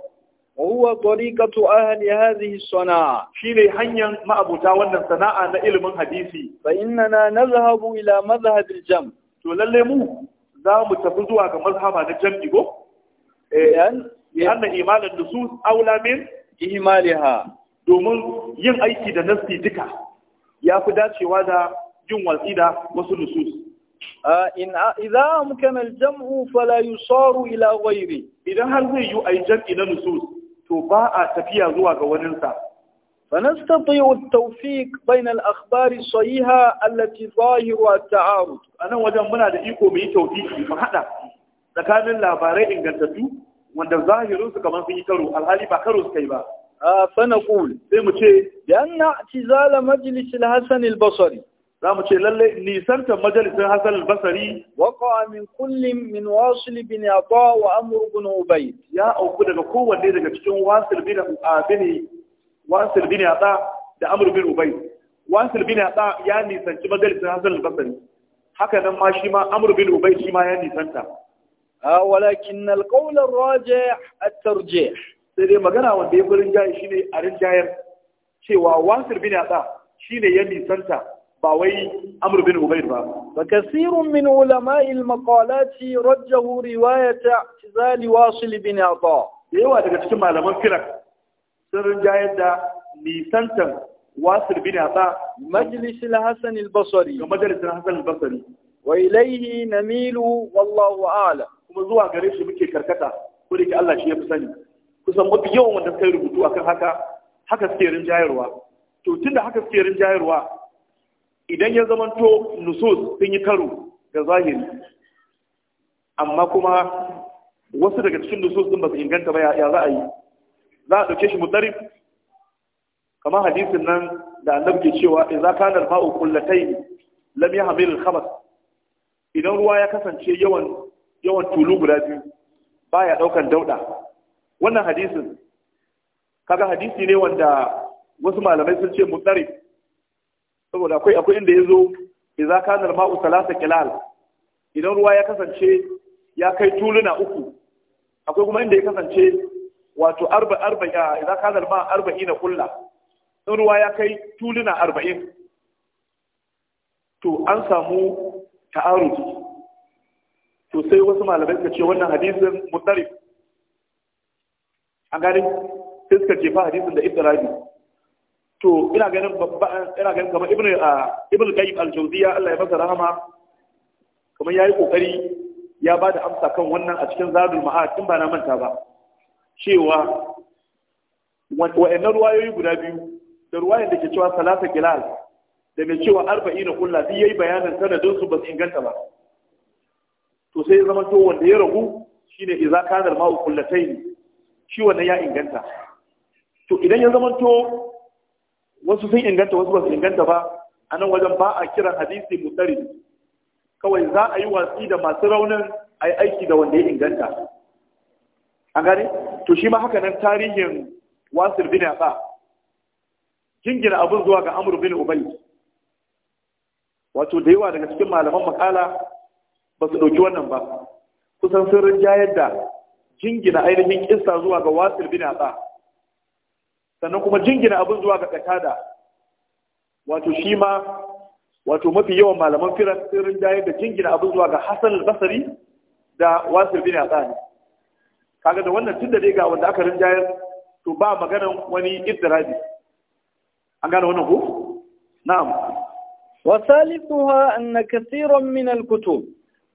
wahuwa tsorikatu a hali ya zai sana shi ne hanyar ma'abuta wannan sana'a na ilimin hadisi ba ina na na zahabu ila mazhabin jam to lalle mu za mu tafi zuwa ga mazhaba na jam digo eh, eh an yana imanin da su aula min ihmalaha domin yin aiki da nasti duka ya fi dacewa da jin watsi wasu nusus a in a idza amkana al-jam'u fala yusaru ila ghayri idan har zai yu ayi jam'i na nusus to ba a tafiya zuwa ga waninsa فنستطيع التوفيق بين الأخبار الصحيحة التي ظاهرها التعارض أنا wajen muna da iko mu yi tawfiki mu hada tsakanin labarai ingantattu wanda zahirin su kamar sun yi karo alhali ba karo su kai ba fa naqul sai mu ce yanna tizala majlis al-Hasan al-Basri za mu ce lalle Nisantar Majalisar Hassan al-Basri waqa min kullum min wasu bin Ata wa Amr bin Ubay ya auku daga kowanne daga cikin Wasil bin Abini Wasil bin Ata da Amr bin Ubay Wasil bin Ata ya nisanci majalisar Hassan al-Basri haka nan ma shi ma Amr bin Ubay shi ma ya nisanta walakin al-qawl ar-rajih at sai dai magana wanda ya burin jayi shine a rinjayar cewa Wasil bin Ata shine ya nisanta ba wai amr bin ba wa kasirun min ulama'i al-maqalati rajjahu riwayata i'tizal wasil bin ata yawa daga cikin malaman firak sun rinjayar da nisantar wasil bin ata majlis al-hasan al-basri ga majlis namilu kuma zuwa gare shi muke karkata ko da Allah shi ya fi sani kusan mafi yawan wanda suka rubutu akan haka haka suke rinjayarwa to tunda haka suke rinjayarwa idan ya zamanto nusus sun yi karu da zahiri amma kuma wasu daga cikin nusus din ba su inganta ba ya za yi za a ɗauke shi mutari kamar hadisin nan da annabi ke cewa za ka al-ma'u kullatai lam yahmil idan ruwa ya kasance yawan tulu guda biyu ba ya ɗaukar dauɗa wannan hadisin kaga hadisi ne wanda wasu malamai sun ce mutarif saboda akwai akwai inda yazo idza kana al-ma'u thalatha kilal idan ruwa ya kasance ya kai tuluna uku akwai kuma inda ya kasance wato arba arba ya idza kana al-ma'u arba'ina kullu in ruwa ya kai tuluna arba'in to an samu ta'aruki. to sai wasu malamai suka ce wannan hadisin mutarif an gani sai suka jefa hadisin da ibtirabi to ina ganin ina ganin kamar ibnu ah, ibnu kayyib al-jawziya Allah ya masa rahama kamar yayi kokari ya ba da amsa kan wannan a cikin zadul ma'ad tun ba na manta ba cewa wa'annan ruwayoyi guda biyu da ruwayan da ke cewa salasa kilal da mai cewa arba'ina kulla duk yayi bayanin sanadin su ba su inganta ba to sai zama to wanda ya ragu shine idza kana al-ma'u kullatayn shi wannan ya inganta to idan ya zama to wasu sun inganta wasu basu inganta ba a nan wajen ba a kiran hadisi mutari kawai za a yi watsi da masu raunin a yi aiki da wanda ya inganta A gane to shi ma haka nan tarihin wasir bin yasa jingina abin zuwa ga amur bin wato da yawa daga cikin malaman makala ba su ɗauki wannan ba kusan sun rinjayar da jingina ainihin kissa zuwa ga wasir bin yasa sannan kuma jingina abin zuwa ga katada wato shi ma wato mafi yawan malaman firar sirrin dayar da jingina abin zuwa ga hassan al-basari da wasu bin asani kaga da wannan tun da dai ga wanda aka rinjayar to ba maganan wani iddirabi an gane wannan ko na'am wa salisuha anna kathiran min al-kutub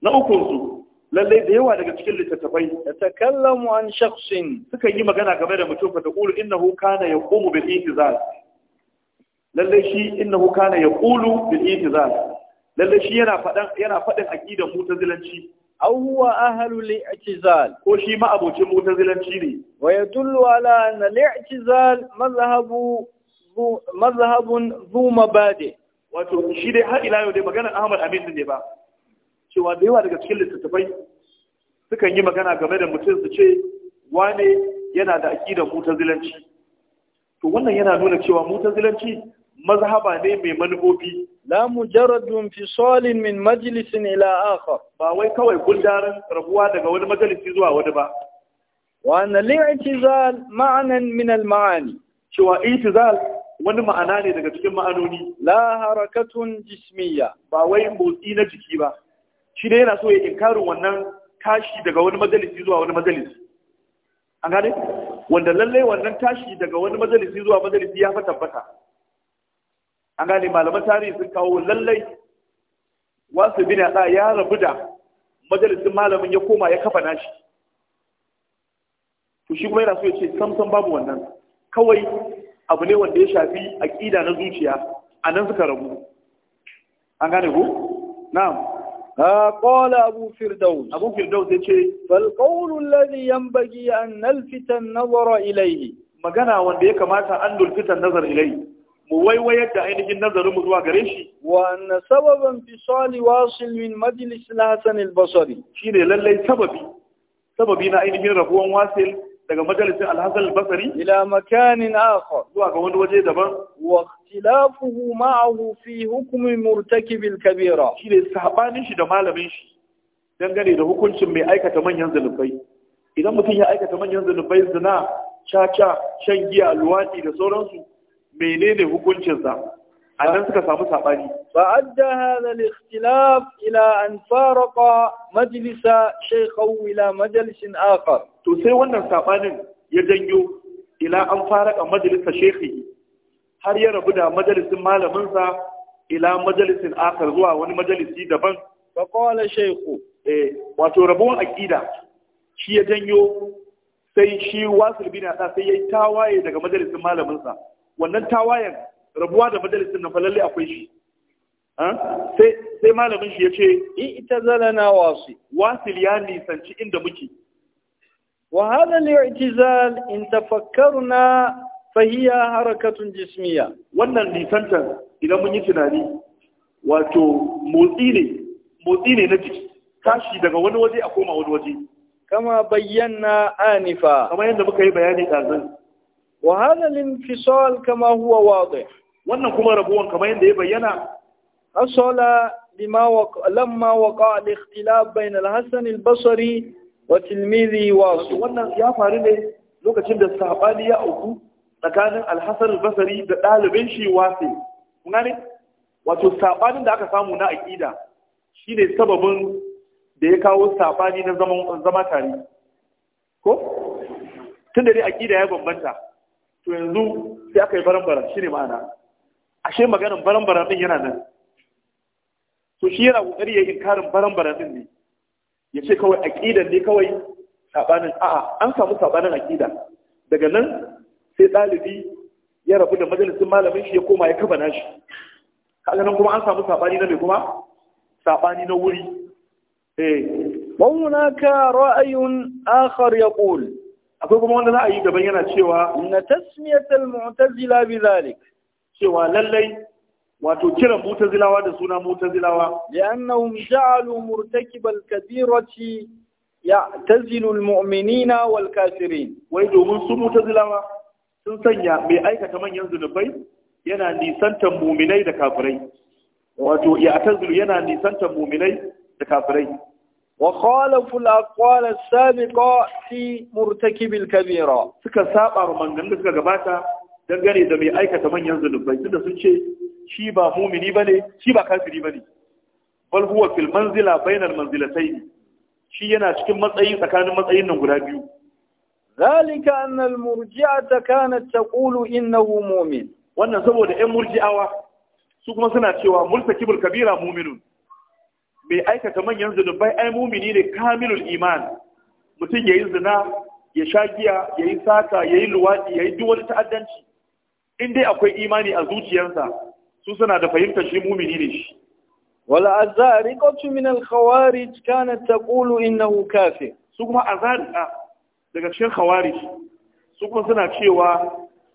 na uku lallai da yawa daga cikin littattafai da takallamu an shakhsin suka yi magana game da mutum fa taqulu innahu kana yaqumu bil itizal lallai shi innahu kana yaqulu bil itizal lallai shi yana fadan yana fadin aqidar mutazilanci aw huwa ahlu al i'tizal ko shi ma abocin mutazilanci ne wa yadullu ala anna al i'tizal madhhabu madhhabun dhu mabadi wato shi dai har ila yau dai maganar Ahmad Amin ne ba cewa da yawa daga cikin littattafai sukan yi magana game da mutum su ce wane yana da aƙidar mutazilanci to wannan yana nuna cewa mutazilanci mazhaba ne mai manufofi la mujarradun fi salin min majlisin ila akhar ba wai kawai guldarin rabuwa daga wani majalisi zuwa wani ba wa anna li'tizal ma'anan min al-ma'ani cewa i'tizal wani ma'ana ne daga cikin ma'anoni la harakatun jismiyya ba wai motsi na jiki ba shi ne yana so ya inkarin wannan tashi daga wani majalisi zuwa wani majalisi an gane wanda lallai wannan tashi daga wani majalisi zuwa majalisi ya fa tabbata an gane malaman tarihi sun kawo lallai wasu bin da ya rabu da majalisin malamin ya koma ya kafa nashi to shi kuma yana so ya ce samsan babu wannan kawai abu ne wanda ya shafi aƙida na zuciya a nan suka rabu an gane ku na'am ya أبو فردوس أبو فردوس يقول فالقول الذي ينبغي أن نلفت النظر إليه magana wanda ya kamata an dulfita nazar ilai mu waiwayar da ainihin nazarin mu zuwa gare shi wa anna sababan fi sali majlis al-hasan al-basri shine lallai sababi na ainihin rabuwan wasil daga majalisar alhassan albasari ila makanin akhar zuwa ga wani waje daban wa ikhtilafuhu ma'ahu fi hukmi murtakib al-kabira ne sabanin shi da malamin shi dangane da hukuncin mai aikata manyan zalubai idan mutum ya aikata manyan zalubai zina caca shan giya luwadi da sauransu menene hukuncinsa? sa a nan suka samu sabani fa adda hadha al-ikhtilaf ila an faraqa majlisa shaykhahu ila majlisin akhar to sai wannan sabanin ya janyo ila an faraka majalisar shekhi har ya rabu da majalisin malaminsa ila majalisin akar zuwa wani majalisi daban ba qala shaykhu eh wato rabuwan akida shi ya janyo sai shi wasil bin ada sai yayi tawaye daga majalisin malaminsa wannan tawayen rabuwa da majalisin nan falalle akwai shi sai malamin shi ya ce in ita na wasi wasil ya nisanci inda muke وهذا الاعتزال إن تفكرنا فهي حركة جسمية wannan nisanta idan mun yi tunani wato motsi ne motsi ne na jiki tashi daga wani waje a koma wani waje kama bayyana anifa kama yadda muka yi bayani ɗazan wa hada linfisal kama huwa wadih wannan kuma rabuwan kama yadda ya bayyana asala lima lamma waqa al-ikhtilaf bayna al-hasan al-basri wa tilmizi wa wannan ya faru ne lokacin da sahabani ya auku tsakanin alhassan basari da ɗalibin shi wasu kun gane wato sabanin da aka samu na aƙida shi ne sababin da ya kawo sabani na zama tare ko tun da dai aƙida ya bambanta to yanzu sai aka yi barambara ne ma'ana ashe maganin barambara din yana nan to shi yana ƙoƙari ya inkarin barambara din ne ya ce kawai aƙidan ne kawai saɓanin a'a an samu saɓanin aƙida daga nan sai ɗalibi ya rabu da majalisun malamin shi ya koma ya kaba nashi Haka nan kuma an samu saɓani na mai kuma saɓani na wuri eh wa ra'ayun akhar yaqul akwai kuma wanda za a yi gaban yana cewa na tasmiyatal mu'tazila bi zalik cewa lallai wato kira mutazilawa da suna mutazilawa li'annahum ja'alu murtakibal kabirati ya'tazilu almu'minina wal kafirin wai domin su mutazilawa sun sanya mai aikata manyan zunubai yana nisantar muminai da kafirai wato ya'tazilu yana nisantar muminai da kafirai وخالف الأقوال السابقة في مرتكب الكبيرة suka saba maganganun da suka gabata dangane da mai aikata manyan zunubai tunda sun ce shi ba mumini ne, shi ba kafiri bane bal huwa fil manzila bainal manzilatayn shi yana cikin matsayi tsakanin matsayin nan guda biyu zalika anna al murji'ata kanat taqulu innahu mu'min wannan saboda ƴan murji'awa su kuma suna cewa multakibul kabira mu'minun mai aikata manyan zunubai ai mumini ne kamilul iman mutum yayi zina ya sha giya yayi sata yayi luwadi yayi duk wani ta'addanci in dai akwai imani a zuciyarsa su suna da fahimtar shi mumini ne shi wal azariqatu min al khawarij kanat taqulu innahu fi? su kuma azariqa daga cikin khawarij su kuma suna cewa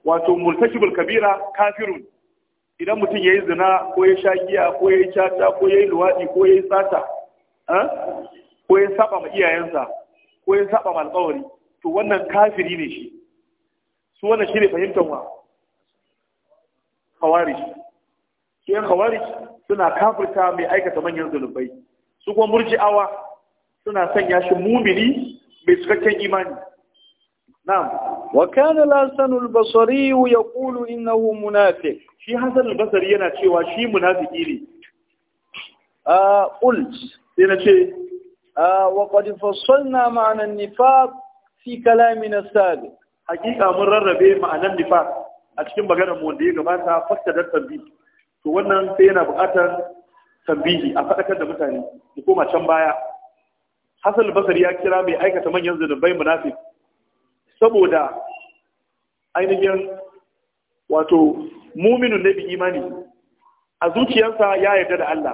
wato murtakibul kabira kafirun idan mutum yayi zina ko ya sha giya ko ya cata ko ya luwadi ko ya sata ko ya saba ma iyayensa ko ya saba ma alƙawari to wannan kafiri ne shi su wannan shi ne fahimtar wa khawarij shi khawarij suna kafirta mai aikata manyan zunubai su kuma murji'awa suna sanya shi mumini mai cikakken imani na'am wa kana al-hasan al-basri yaqulu innahu munafiq shi hasan al-basri yana cewa shi munafiki ne a qult sai na ce wa qad fassalna ma'ana an-nifaq fi kalamina sabiq hakika mun rarrabe ma'anan nifaq a cikin maganar mu da ya gabata fakkadar biyu. to wannan sai yana buƙatar tambihi a faɗakar da mutane da koma can baya hasal basar ya kira mai aikata manyan zunubai munafik saboda ainihin wato muminu na bi imani a zuciyarsa ya yarda da Allah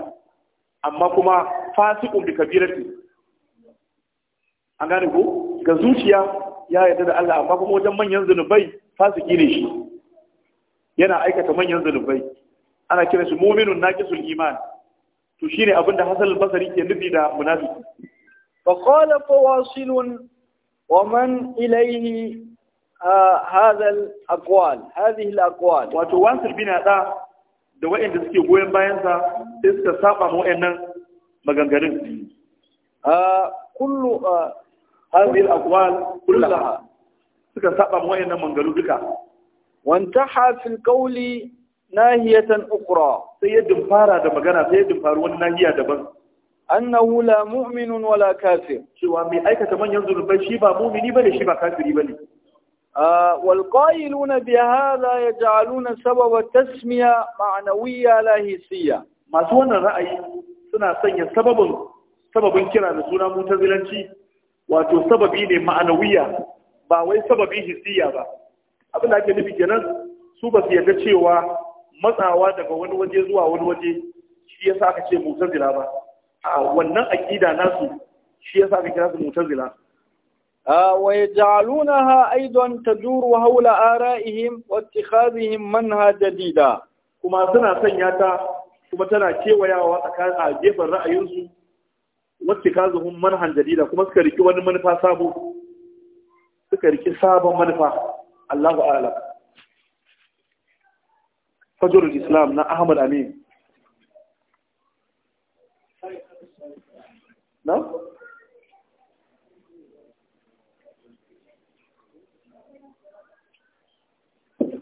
amma kuma fasikun bi kabirati an gane ko ga zuciya ya yarda da Allah amma kuma wajen manyan zunubai fasiki ne shi yana aikata manyan zunubai ana kira su mu'minun naqisul iman to shine abin da Hassan al ke nufi da munafiki fa qala fawasilun wa man ilayhi ah, hadha al-aqwal hadhihi al-aqwal wato wasil bina da da wa'inda suke goyen bayan sa sai suka saba mu wa'annan maganganun ah, kullu ah, hadhihi al-aqwal kullaha suka saba mu wa'annan maganganu duka wanta hafil qawli nahiyatan ukra sai ya dumfara da magana sai ya dumfara wani nahiya daban annahu la mu'minun wala kafir cewa mai aikata manyan zunubai shi ba mu'mini bane shi ba kafiri bane والقائلون بهذا يجعلون sababa tasmiya معنوية لا حسية Masu wannan ra'ayi suna sanya sababin sababin kira da suna mutazilanci wato sababi ne ma'nawiyya ba wai sababi hisiya ba abin da ake nufi kenan su ba su yarda cewa matsawa daga wani waje zuwa wani waje shi ya sa aka ce motar mutazila ba a wannan aƙida nasu shi ya sa aka kira su motar mutazila wa yaj'aluna ha aidan tadur wa hawla ara'ihim wa ittikhadihim manhaja jadida kuma suna sanya ta kuma tana kewaya wa tsakanin a gefen ra'ayinsu wacce ka zuhu manhan jadida kuma suka riki wani manufa sabon manufa Allahu a'lam fajrul islam na ahmad amin na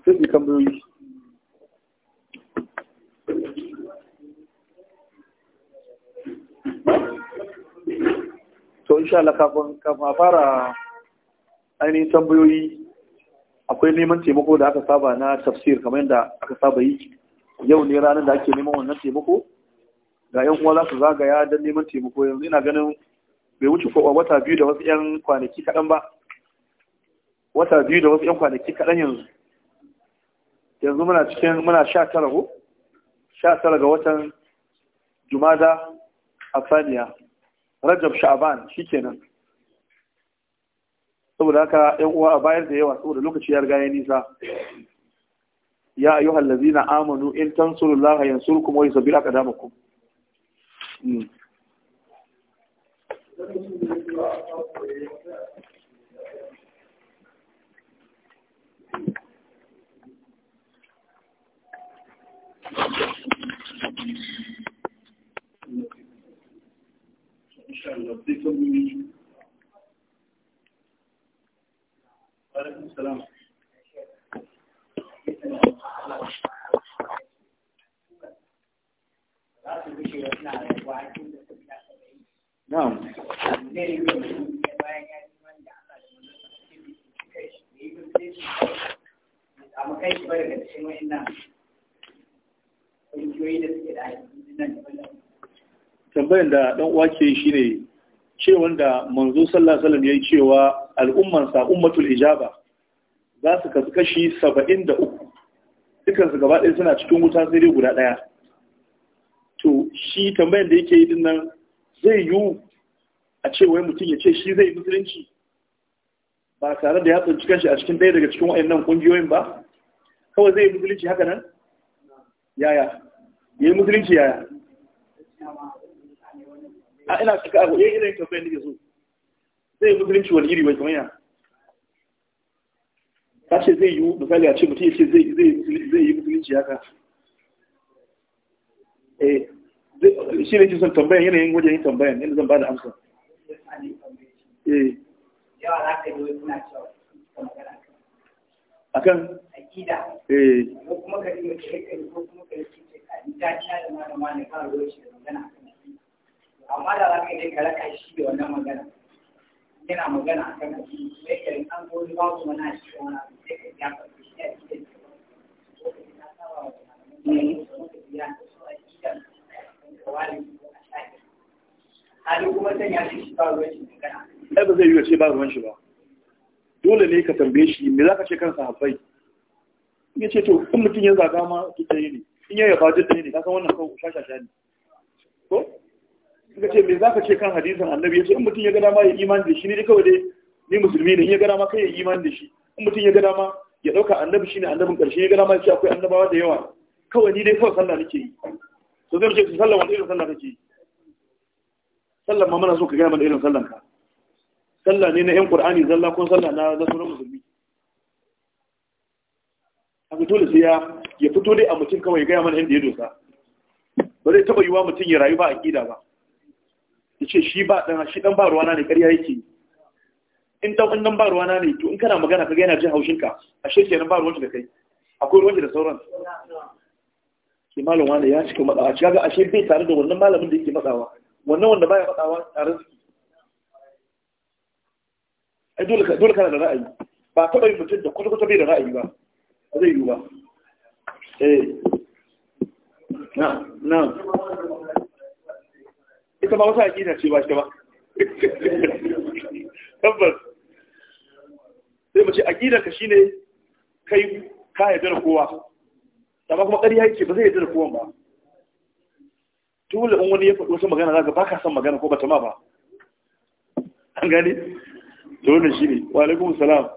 sai su kambayoyi to insha Allah kafin a fara ainihin tambayoyi akwai neman taimako da aka saba na tafsir kamar yadda aka saba yi yau ne ranar da ake neman wannan taimako ga yan kuma za su zagaya don neman taimako yanzu ina ganin bai wuce ko wata biyu da wasu yan kwanaki kaɗan ba wata biyu da wasu yan kwanaki kaɗan yanzu yanzu muna cikin muna sha tara ko sha tara ga watan jumada saniya rajab sha'aban shikenan saboda haka yan uwa a bayar da yawa saboda lokaci ya riga ya nisa ya ayyuhal na amanu in tansurullaha yansurkum wa yusabbir aqdamakum Thank hmm. you. Na'am. samu kai shi bari da cikin da da da dan uwa ke shine ce da manzo sallallahu alaihi wasallam yayi cewa al'umman sa ummatul ijaba za su kasu kashi 73 dukan su gaba ɗaya suna cikin wuta sai dai guda ɗaya to shi tambayar da yake yi din nan zai yiwu a ce mutum ya ce shi zai musulunci ba tare da ya tsinci kanshi a cikin ɗaya daga cikin wayannan kungiyoyin ba kawai zai musulunci haka nan yaya yayi musulunci yaya a ina cika abu yayin eh, irin tambayar nake so zai yi musulunci wani iri mai kamar ya ta ce zai yi misali a ce mutum ya ce zai yi musulunci haka eh shi ne son tambayan yanayin wajen yin tambayan yadda zan ba da amsa eh yawa za eh. ka yi wani suna cewa akan akida eh ko kuma ka yi ko kuma ka yi ta ta da malama ne ka roshi da magana amma da zaka ka je ka raka shi da wannan magana yana magana a kan kashi sai ka yi an gobe ba su mana shi wani abu sai ka ya faɗi shi a cikin hali kuma ya shi ba ruwan shi magana. ba zai yi ce ba ruwan shi ba. Dole ne ka tambaye shi me za ka ce kansa habbai. Ya ce to in mutum ya zaga ma duk ne. In ya yaba jirgin ne ka san wannan kawo shashasha ne. Ko? suka ce me zaka ce kan hadisin annabi yace in mutum ya ga dama ya imani da shi ne kawai dai ni musulmi ne in ya ga dama kai ya imani da shi in mutum ya ga dama ya dauka annabi shine annabin karshe ya ga dama ya ce akwai annabawa da yawa kawai ni dai kawai sallah nake yi to zai ce sallah wanda irin sallah kake yi sallah ma muna so ka gaya mana irin sallan ka sallah ne na yan qur'ani zalla ko sallah na na sunan musulmi haka dole sai ya ya fito dai a mutum kawai ya gaya mana inda ya dosa ba zai taba wa mutum ya rayu ba a ƙida ba ya ce shi ba ɗan shi ɗan ba ruwana ne ƙarya yake in ɗan ɗan ba ruwana ne to in kana magana ka yana jin haushinka ashe kenan ba ruwanci da kai akwai ruwanci da sauran ke malam wani ya cika matsawa shi kaga ashe bai tare da wannan malamin da yake matsawa wannan wanda baya matsawa tare su ai dole kana da ra'ayi ba taɓa yin mutum da kwata-kwata bai da ra'ayi ba ba zai yiwu ba eh na na ita ba wata aƙida ce ba shi ba tabbas sai mace aƙidar ka shine kai ka yarda da kowa amma kuma ƙarya yake ba zai yarda da kowa ba dole wani ya faɗi wasu magana za ka ba ka son magana ko ba ta ma ba an gani da wannan shi ne wa alaikun salam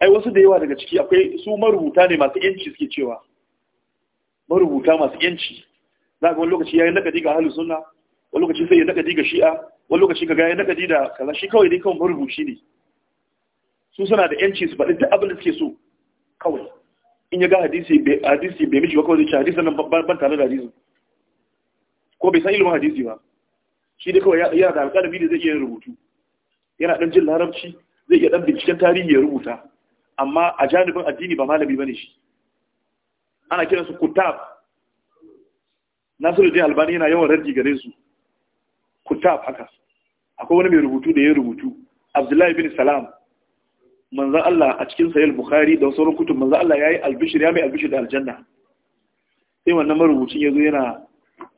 ai wasu da yawa daga ciki akwai su marubuta ne masu yanci suke cewa marubuta masu yanci za ga wani lokaci ya yi nakadi ga ahlus sunna wani lokaci sai ya nakadi ga shi'a wani lokaci ga ya nakadi da kaza shi kawai dai kawai marubuci ne su suna da yanci su faɗi duk abin da suke so kawai in ya ga hadisi hadisi bai miji ba kawai zai ci hadisin nan ban tare da hadisi ko bai san ilimin hadisi ba shi dai kawai yana da alƙalami da zai iya rubutu yana ɗan jin larabci zai iya ɗan binciken tarihi ya rubuta amma a janibin addini ba malami bane shi ana kiransu kutab nasiru jin albani yana yawan rarji gare su kutab haka akwai wani mai rubutu da ya rubutu abdullahi bin salam manzan Allah a cikin sayar bukhari da sauran kutub manzan Allah ya yi albishir ya mai albishir da aljanna sai wannan marubucin ya zo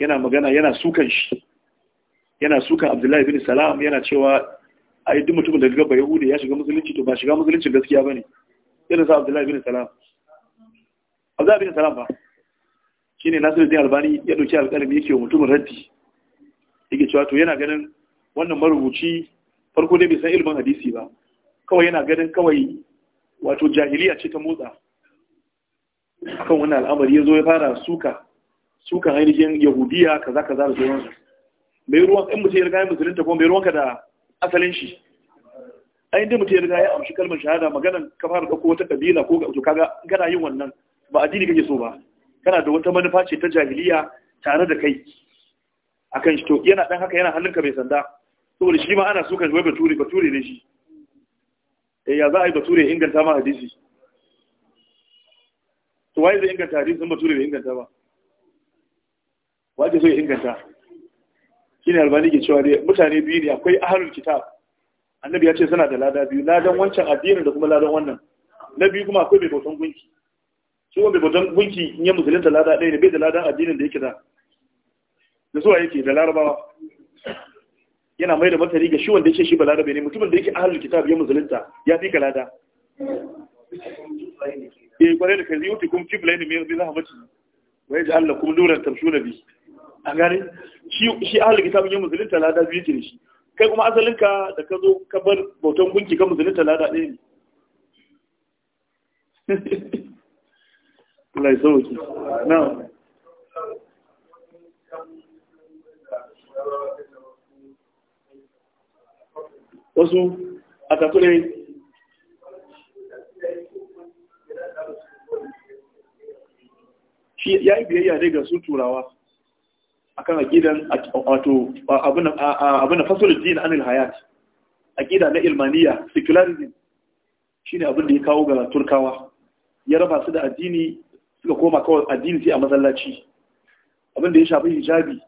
yana magana yana sukan shi yana sukan abdullahi bin salam yana cewa a yi duk mutumin da gaba yahudu ya shiga musulunci to ba shiga musulunci gaskiya ba ne Yana sa abdullahi bin salam a bi salam ba Nasiru nasiruddin albani ya dauki alƙalami yake wa mutumin raddi yake cewa to yana ganin wannan marubuci farko dai bai san ilimin hadisi ba kawai yana ganin kawai wato jahiliya ce ta motsa akan wannan al'amari ya zo ya fara suka sukan ainihin yahudiya kaza kaza da sauransu mai ruwan in mutum ya riga ya musulunta kuma mai ruwanka da asalin shi ainihin mutum ya riga ya amshi kalmar shahada maganan ka fara ɗauko wata ƙabila ko ga kaga kana yin wannan ba addini kake so ba kana da wata manufa ce ta jahiliya tare da kai akan shi to yana dan haka yana hannunka mai sanda saboda shi ma ana so kan wai bature bature ne shi eh ya za a yi bature inganta ma hadisi to wai zai inganta hadisi in bature bai inganta ba wa ake so ya inganta shine albani ke cewa dai mutane biyu ne akwai ahlul kitab annabi ya ce suna da lada biyu ladan wancan addinin da kuma ladan wannan na biyu kuma akwai mai bautan gunki shi wanda bautan gunki in ya musulunta lada ɗaya ne bai da ladan addinin da yake da da zuwa yake da larabawa yana mai da martani ga shi wanda yake shi balarabe ne mutumin da yake ahalul kitab ya musulunta ya fi kalada eh kwarai da kazi yuti kum kiblain min bi zahmati wa yaj'al lakum nuran tamshuna bi A gane shi shi ahalul kitab ya musulunta lada biyu ne. shi kai kuma asalinka da ka zo ka bar bautan gunki ka musulunta lada ɗaya ne Allah ya sauki wasu a shi ya yi biyayya ne ga su turawa akan aƙidan wato abin da fasulul jini anil hayat aqida na ilmaniya secularism shine abin da ya kawo ga turkawa ya raba su da addini suka koma kawai addini sai a masallaci abin da ya shafi hijabi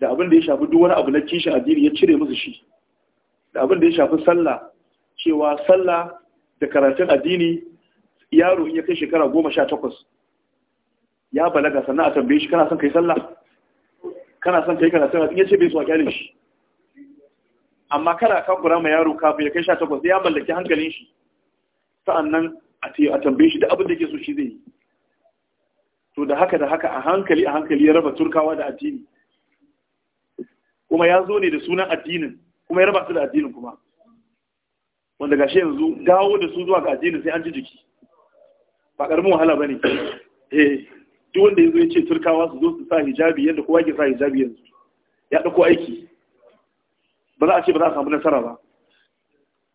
da abin da ya shafi duk wani abu na kishin addini ya cire musu shi da abin da ya shafi sallah cewa sallah da karatun addini yaro in ya kai shekara goma sha takwas ya balaga sannan a tambaye shi kana son kai sallah kana son kai karatun addini ya ce bai so a shi amma kana kan kura ma yaro kafin ya kai sha takwas ya mallaki hankalin shi sa'annan a tambaye shi da abin da ke so shi zai yi to da haka da haka a hankali a hankali ya raba turkawa da addini kuma ya zo ne da sunan addinin kuma ya raba su da addinin kuma wanda gashi yanzu dawo da su zuwa ga addinin sai an ji jiki ba karamin wahala bane eh duk wanda yazo ya ce turkawa su zo su sa hijabi yadda kowa ke sa hijabi yanzu ya ɗauko aiki ba za a ce ba za a samu nasara ba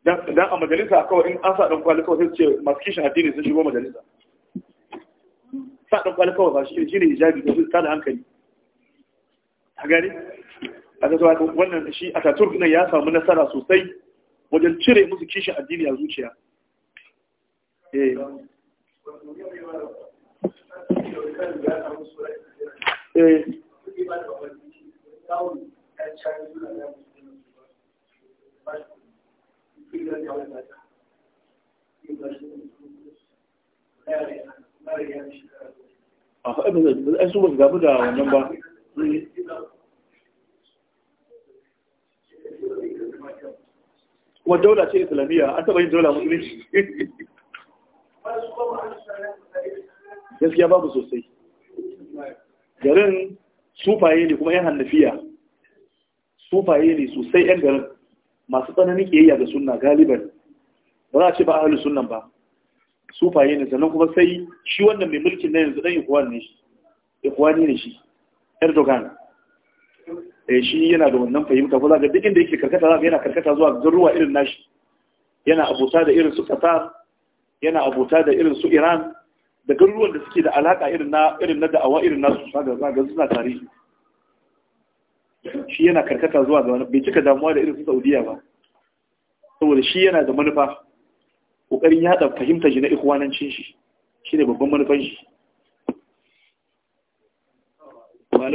dan a majalisa kawai in an sa dan kwali kawai sai su ce masu kishin addini sun shigo majalisa faɗin ɗan kwali ba shi shi ne hijabi domin ta da hankali a gani a ta zuwa wannan shi a tatur nan ya samu nasara sosai wajen cire musu kishin addini a zuciya Yeah. Eh. a faɗa ba zai gabu da wannan ba kuma daula ce islamiyya an taɓa yin daula musulunci gaskiya babu sosai garin sufaye ne kuma 'yan hannafiya sufaye ne sosai 'yan garin masu tsananin ƙiyayya ga suna galiban ba za a ce ba a ahalu sunan ba sufaye ne sannan kuma sai shi wannan mai mulkin na yanzu dan ikhwan ne shi ne shi Erdogan eh shi yana da wannan fahimta ko zaka duk da yake karkata zaka yana karkata zuwa garuwa irin nashi yana abota da irin su Qatar yana abota da irin su Iran da garuruwan da suke da alaka irin na irin na da'awa irin nasu zaka zaka suna tarihi shi yana karkata zuwa ga wani bai cika damuwa da irin su Saudiya ba saboda shi yana da manufa Ƙoƙarin yaɗa fahimtar shi na ikwanancin shi ne babban manufan shi wa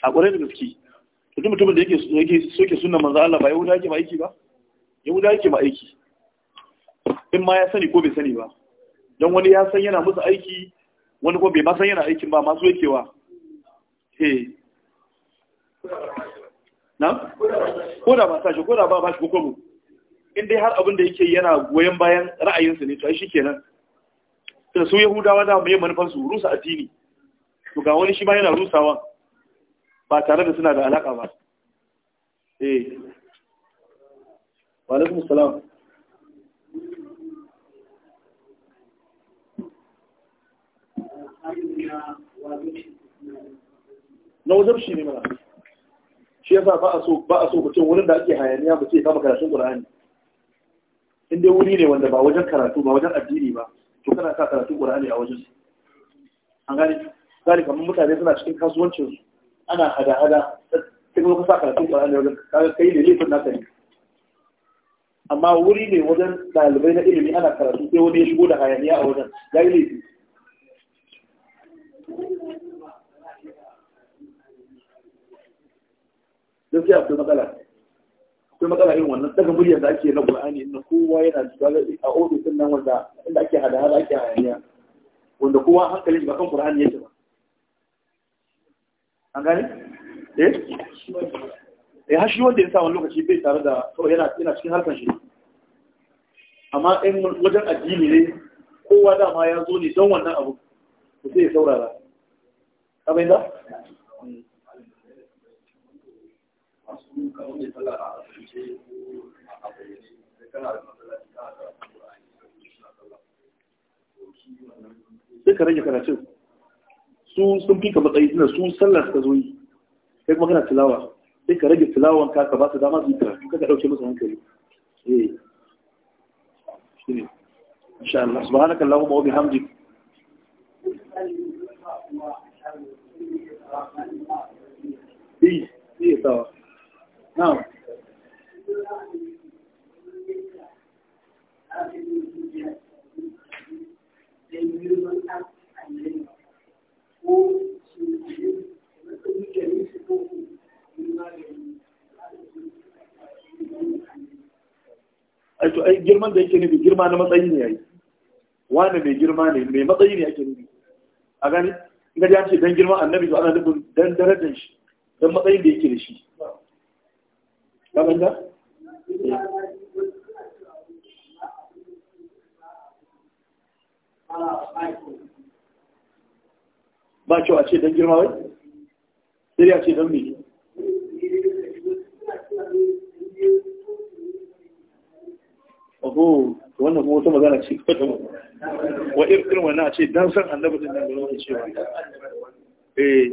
a ƙwarai da gaske mutum mutumin da yake soke sunan manzan Allah ba yahuda yake ma'aiki aiki ba yahuda yake ma'aiki aiki in ma ya sani ko bai sani ba don wani ya san yana musu aiki wani ko bai masan san yana aikin ba masu yakewa eh na? ko da ba sa shi ko da ba ba shi hukumu in dai har abin da yake yana goyon bayan ra'ayinsu ne to shi kenan da su yahudawa da mai manufan su rusa addini to ga wani shi ma yana rusawa ba tare da suna da alaka ba eh wa alaikum salam na shi ne mara. shi yasa ba a so ba a so mutum wurin da ake hayaniya mutum ya kama karatun Qur'ani in dai wuri ne wanda ba wajen karatu ba wajen addini ba to kana sa karatun Qur'ani a wajen an gane gani kamar mutane suna cikin kasuwancin su ana hada-hada sai kuma sa karatun Qur'ani wajen kaga kai ne laifin naka ne amma wuri ne wajen dalibai na ilimi ana karatu sai wani ya shigo da hayaniya a wajen ya yi laifi gaskiya akwai matsala akwai matsala irin wannan daga muryar da ake na qur'ani inda kowa yana a ofisin nan wanda inda ake hada hada ake hayaniya wanda kowa hankali ba kan qur'ani yake ba an gane eh eh har shi wanda ya sa wani lokaci bai tare da to yana yana cikin harkar shi amma in wajen addini ne kowa dama ya zo ne don wannan abu to sai ya saurara ka bai da? su kamar da sallah a a bayyane sai kana da masallaci kana da Qur'ani suna sallah sai ka rage su sun fi ka matsayi suna su sallah suka zo yi sai kuma kana tilawa sai ka rage tilawan ka ka ba su dama su yi ka dauke musu hankali eh shine insha Allah subhanaka allahumma wa bihamdik Aito, ai girman da yake nufi girma na matsayi ne yi, wane mai girma ne, mai matsayi ne ake nufi. A gani, in ce don girma annabi to ana nufin don darajar shi, don matsayin da yake da shi. kamar ba kyau a ce don girma wai? Siri a ce don mai oho wannan kuma wata magana ce kwata wa irin wannan a ce don san annabudin nan da wani cewa eh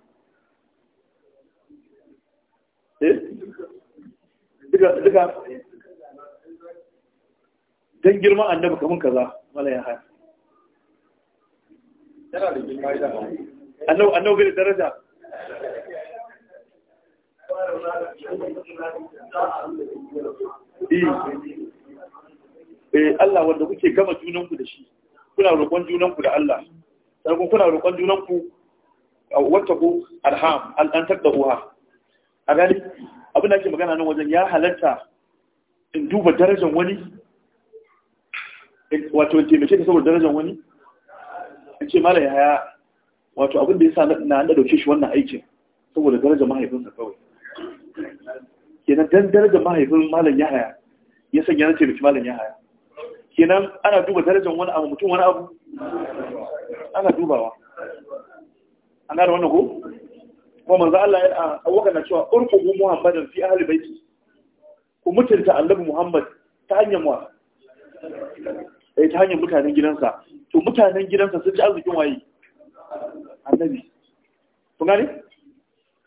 Eh? duka don girman annabi kamun kaza mala ya haya annabi bai daraja eh. eh Allah wanda kuke gama junanku da shi kuna roƙon junanku da Allah sai kuna roƙon junanku wata ku arham an tattabauha a gani abin da ake magana nan wajen ya halarta in duba darajar wani wato in taimake ta saboda darajan wani in ce mala yaya wato abin da ya sa na da ɗauke shi wannan aikin saboda darajar mahaifinsa kawai kenan dan darajar mahaifin malam haya, ya sanya na taimaki malam haya. kenan ana duba darajan wani abu mutum wani abu ana dubawa an gane wannan ko kuma manzo Allah ya awaka na cewa mu Muhammadin fi ahli baiti ku mutunta annabi muhammad ta hanyar wa eh ta hanyar mutanen gidansa to mutanen gidansa sun ci arzikin waye annabi kun gane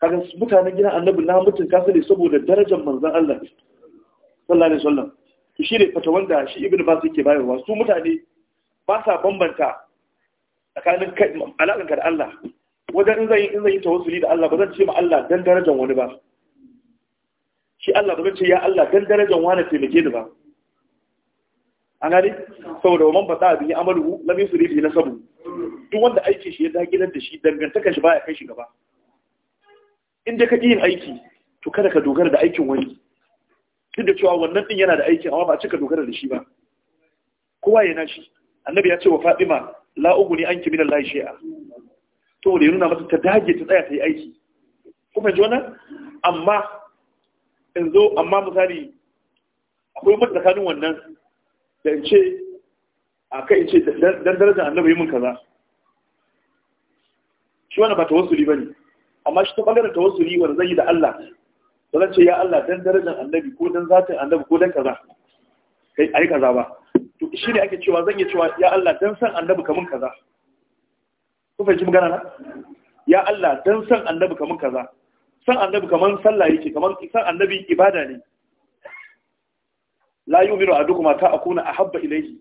kaga mutanen gidan annabi na mutunta su ne saboda darajar manzon Allah sallallahu alaihi wasallam to shi ne fata wanda shi ibnu bas yake bayarwa su mutane ba sa bambanta tsakanin alaƙanka da Allah wajen in zan yi in tawassuli da Allah ba zan ce ma Allah dan darajar wani ba shi Allah ba zan ce ya Allah dan darajar wani taimake ni ba an gani saboda man fata bi amalu su yusri na nasabu duk wanda aiki shi ya dagilar da shi dangantaka shi baya kai shi gaba in dai ka yin aiki to kada ka dogara da aikin wani duk da cewa wannan din yana da aiki amma ba a cika dogara da shi ba kowa yana shi annabi ya ce wa fatima la uguni anki min Allah shay'a saboda ya nuna mata ta dage ta tsaya ta yi aiki kuma ji wannan amma in zo amma misali akwai mutu tsakanin wannan da in ce a kai in ce dan darajar annabi yi mun kaza shi wannan ba ta wasu ba ne amma shi ta ɓangaren wasu riba zai yi da Allah ba zan ce ya Allah dan darajar annabi ko dan zatin annabi ko dan kaza kai ai kaza ba to shi ne ake cewa zan yi cewa ya Allah dan san annabi kamun kaza ku fahimci magana na ya Allah dan san annabi kaman kaza san annabi kaman sallah yake kaman san annabi ibada ne la yu'minu ahadukum ta akuna ahabba ilayhi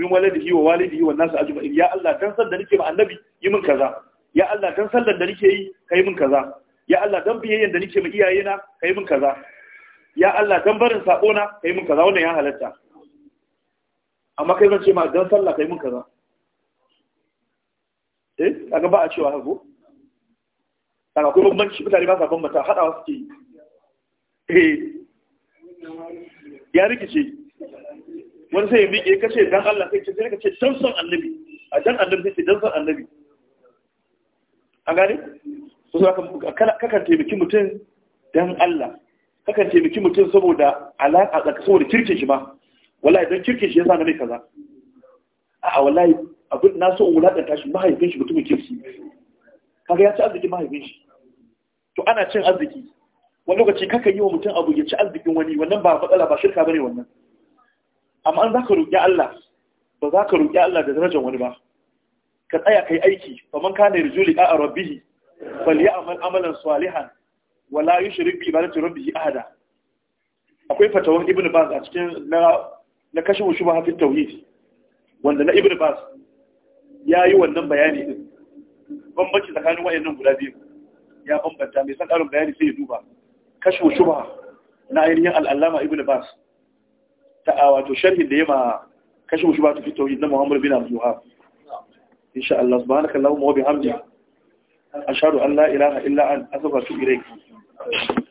min walidihi wa walidihi wan nasu ajma'in ya Allah dan san da nake ma annabi yi min kaza ya Allah dan sallar da nake yi kai min kaza ya Allah dan biyayyen da nake ma iyayena kai min kaza ya Allah dan barin sako na kai min kaza wannan ya halatta amma kai zan ce ma dan sallah kai min kaza eh kaga ba a cewa hago kaga akwai bambanci mutane ba sa bambanta hadawa suke yi eh ya rikice wani sai ya miƙe ka ce dan Allah sai ce sai ka ce dan son annabi a dan annabi sai dan son annabi an gane so ka kakan taimaki mutum dan Allah kakan taimaki mutum saboda alaƙa saboda kirkin shi ba wallahi dan kirkin shi yasa na mai kaza a'a wallahi abin na so in shi mahaifin shi mutumin kirki kaga ya ci arziki mahaifin shi to ana cin arziki wani lokaci kaka yi wa mutum abu ya ci arzikin wani wannan ba matsala ba shirka bane wannan amma an zaka roƙi Allah ba za ka roƙi Allah da darajar wani ba ka tsaya kai aiki fa man kana yarju a rabbih falyamal amalan salihan wala yushrik bi ibadati rabbih ahada akwai fatawar ibnu baz a cikin na na wasu shubha fi tauhid wanda na ibnu baz ya yi wannan bayani din bambanci tsakanin wayannan guda biyu ya bambanta mai san karin bayani sai ya duba kashu shubha na ainihin al'allama ibn bas ta wato sharhin da ya ma kashu shubha ta fito na Muhammadu bin abdul wahab insha Allah subhanaka allahumma wa bihamdika ashhadu an la ilaha illa an astaghfiruka wa ilayk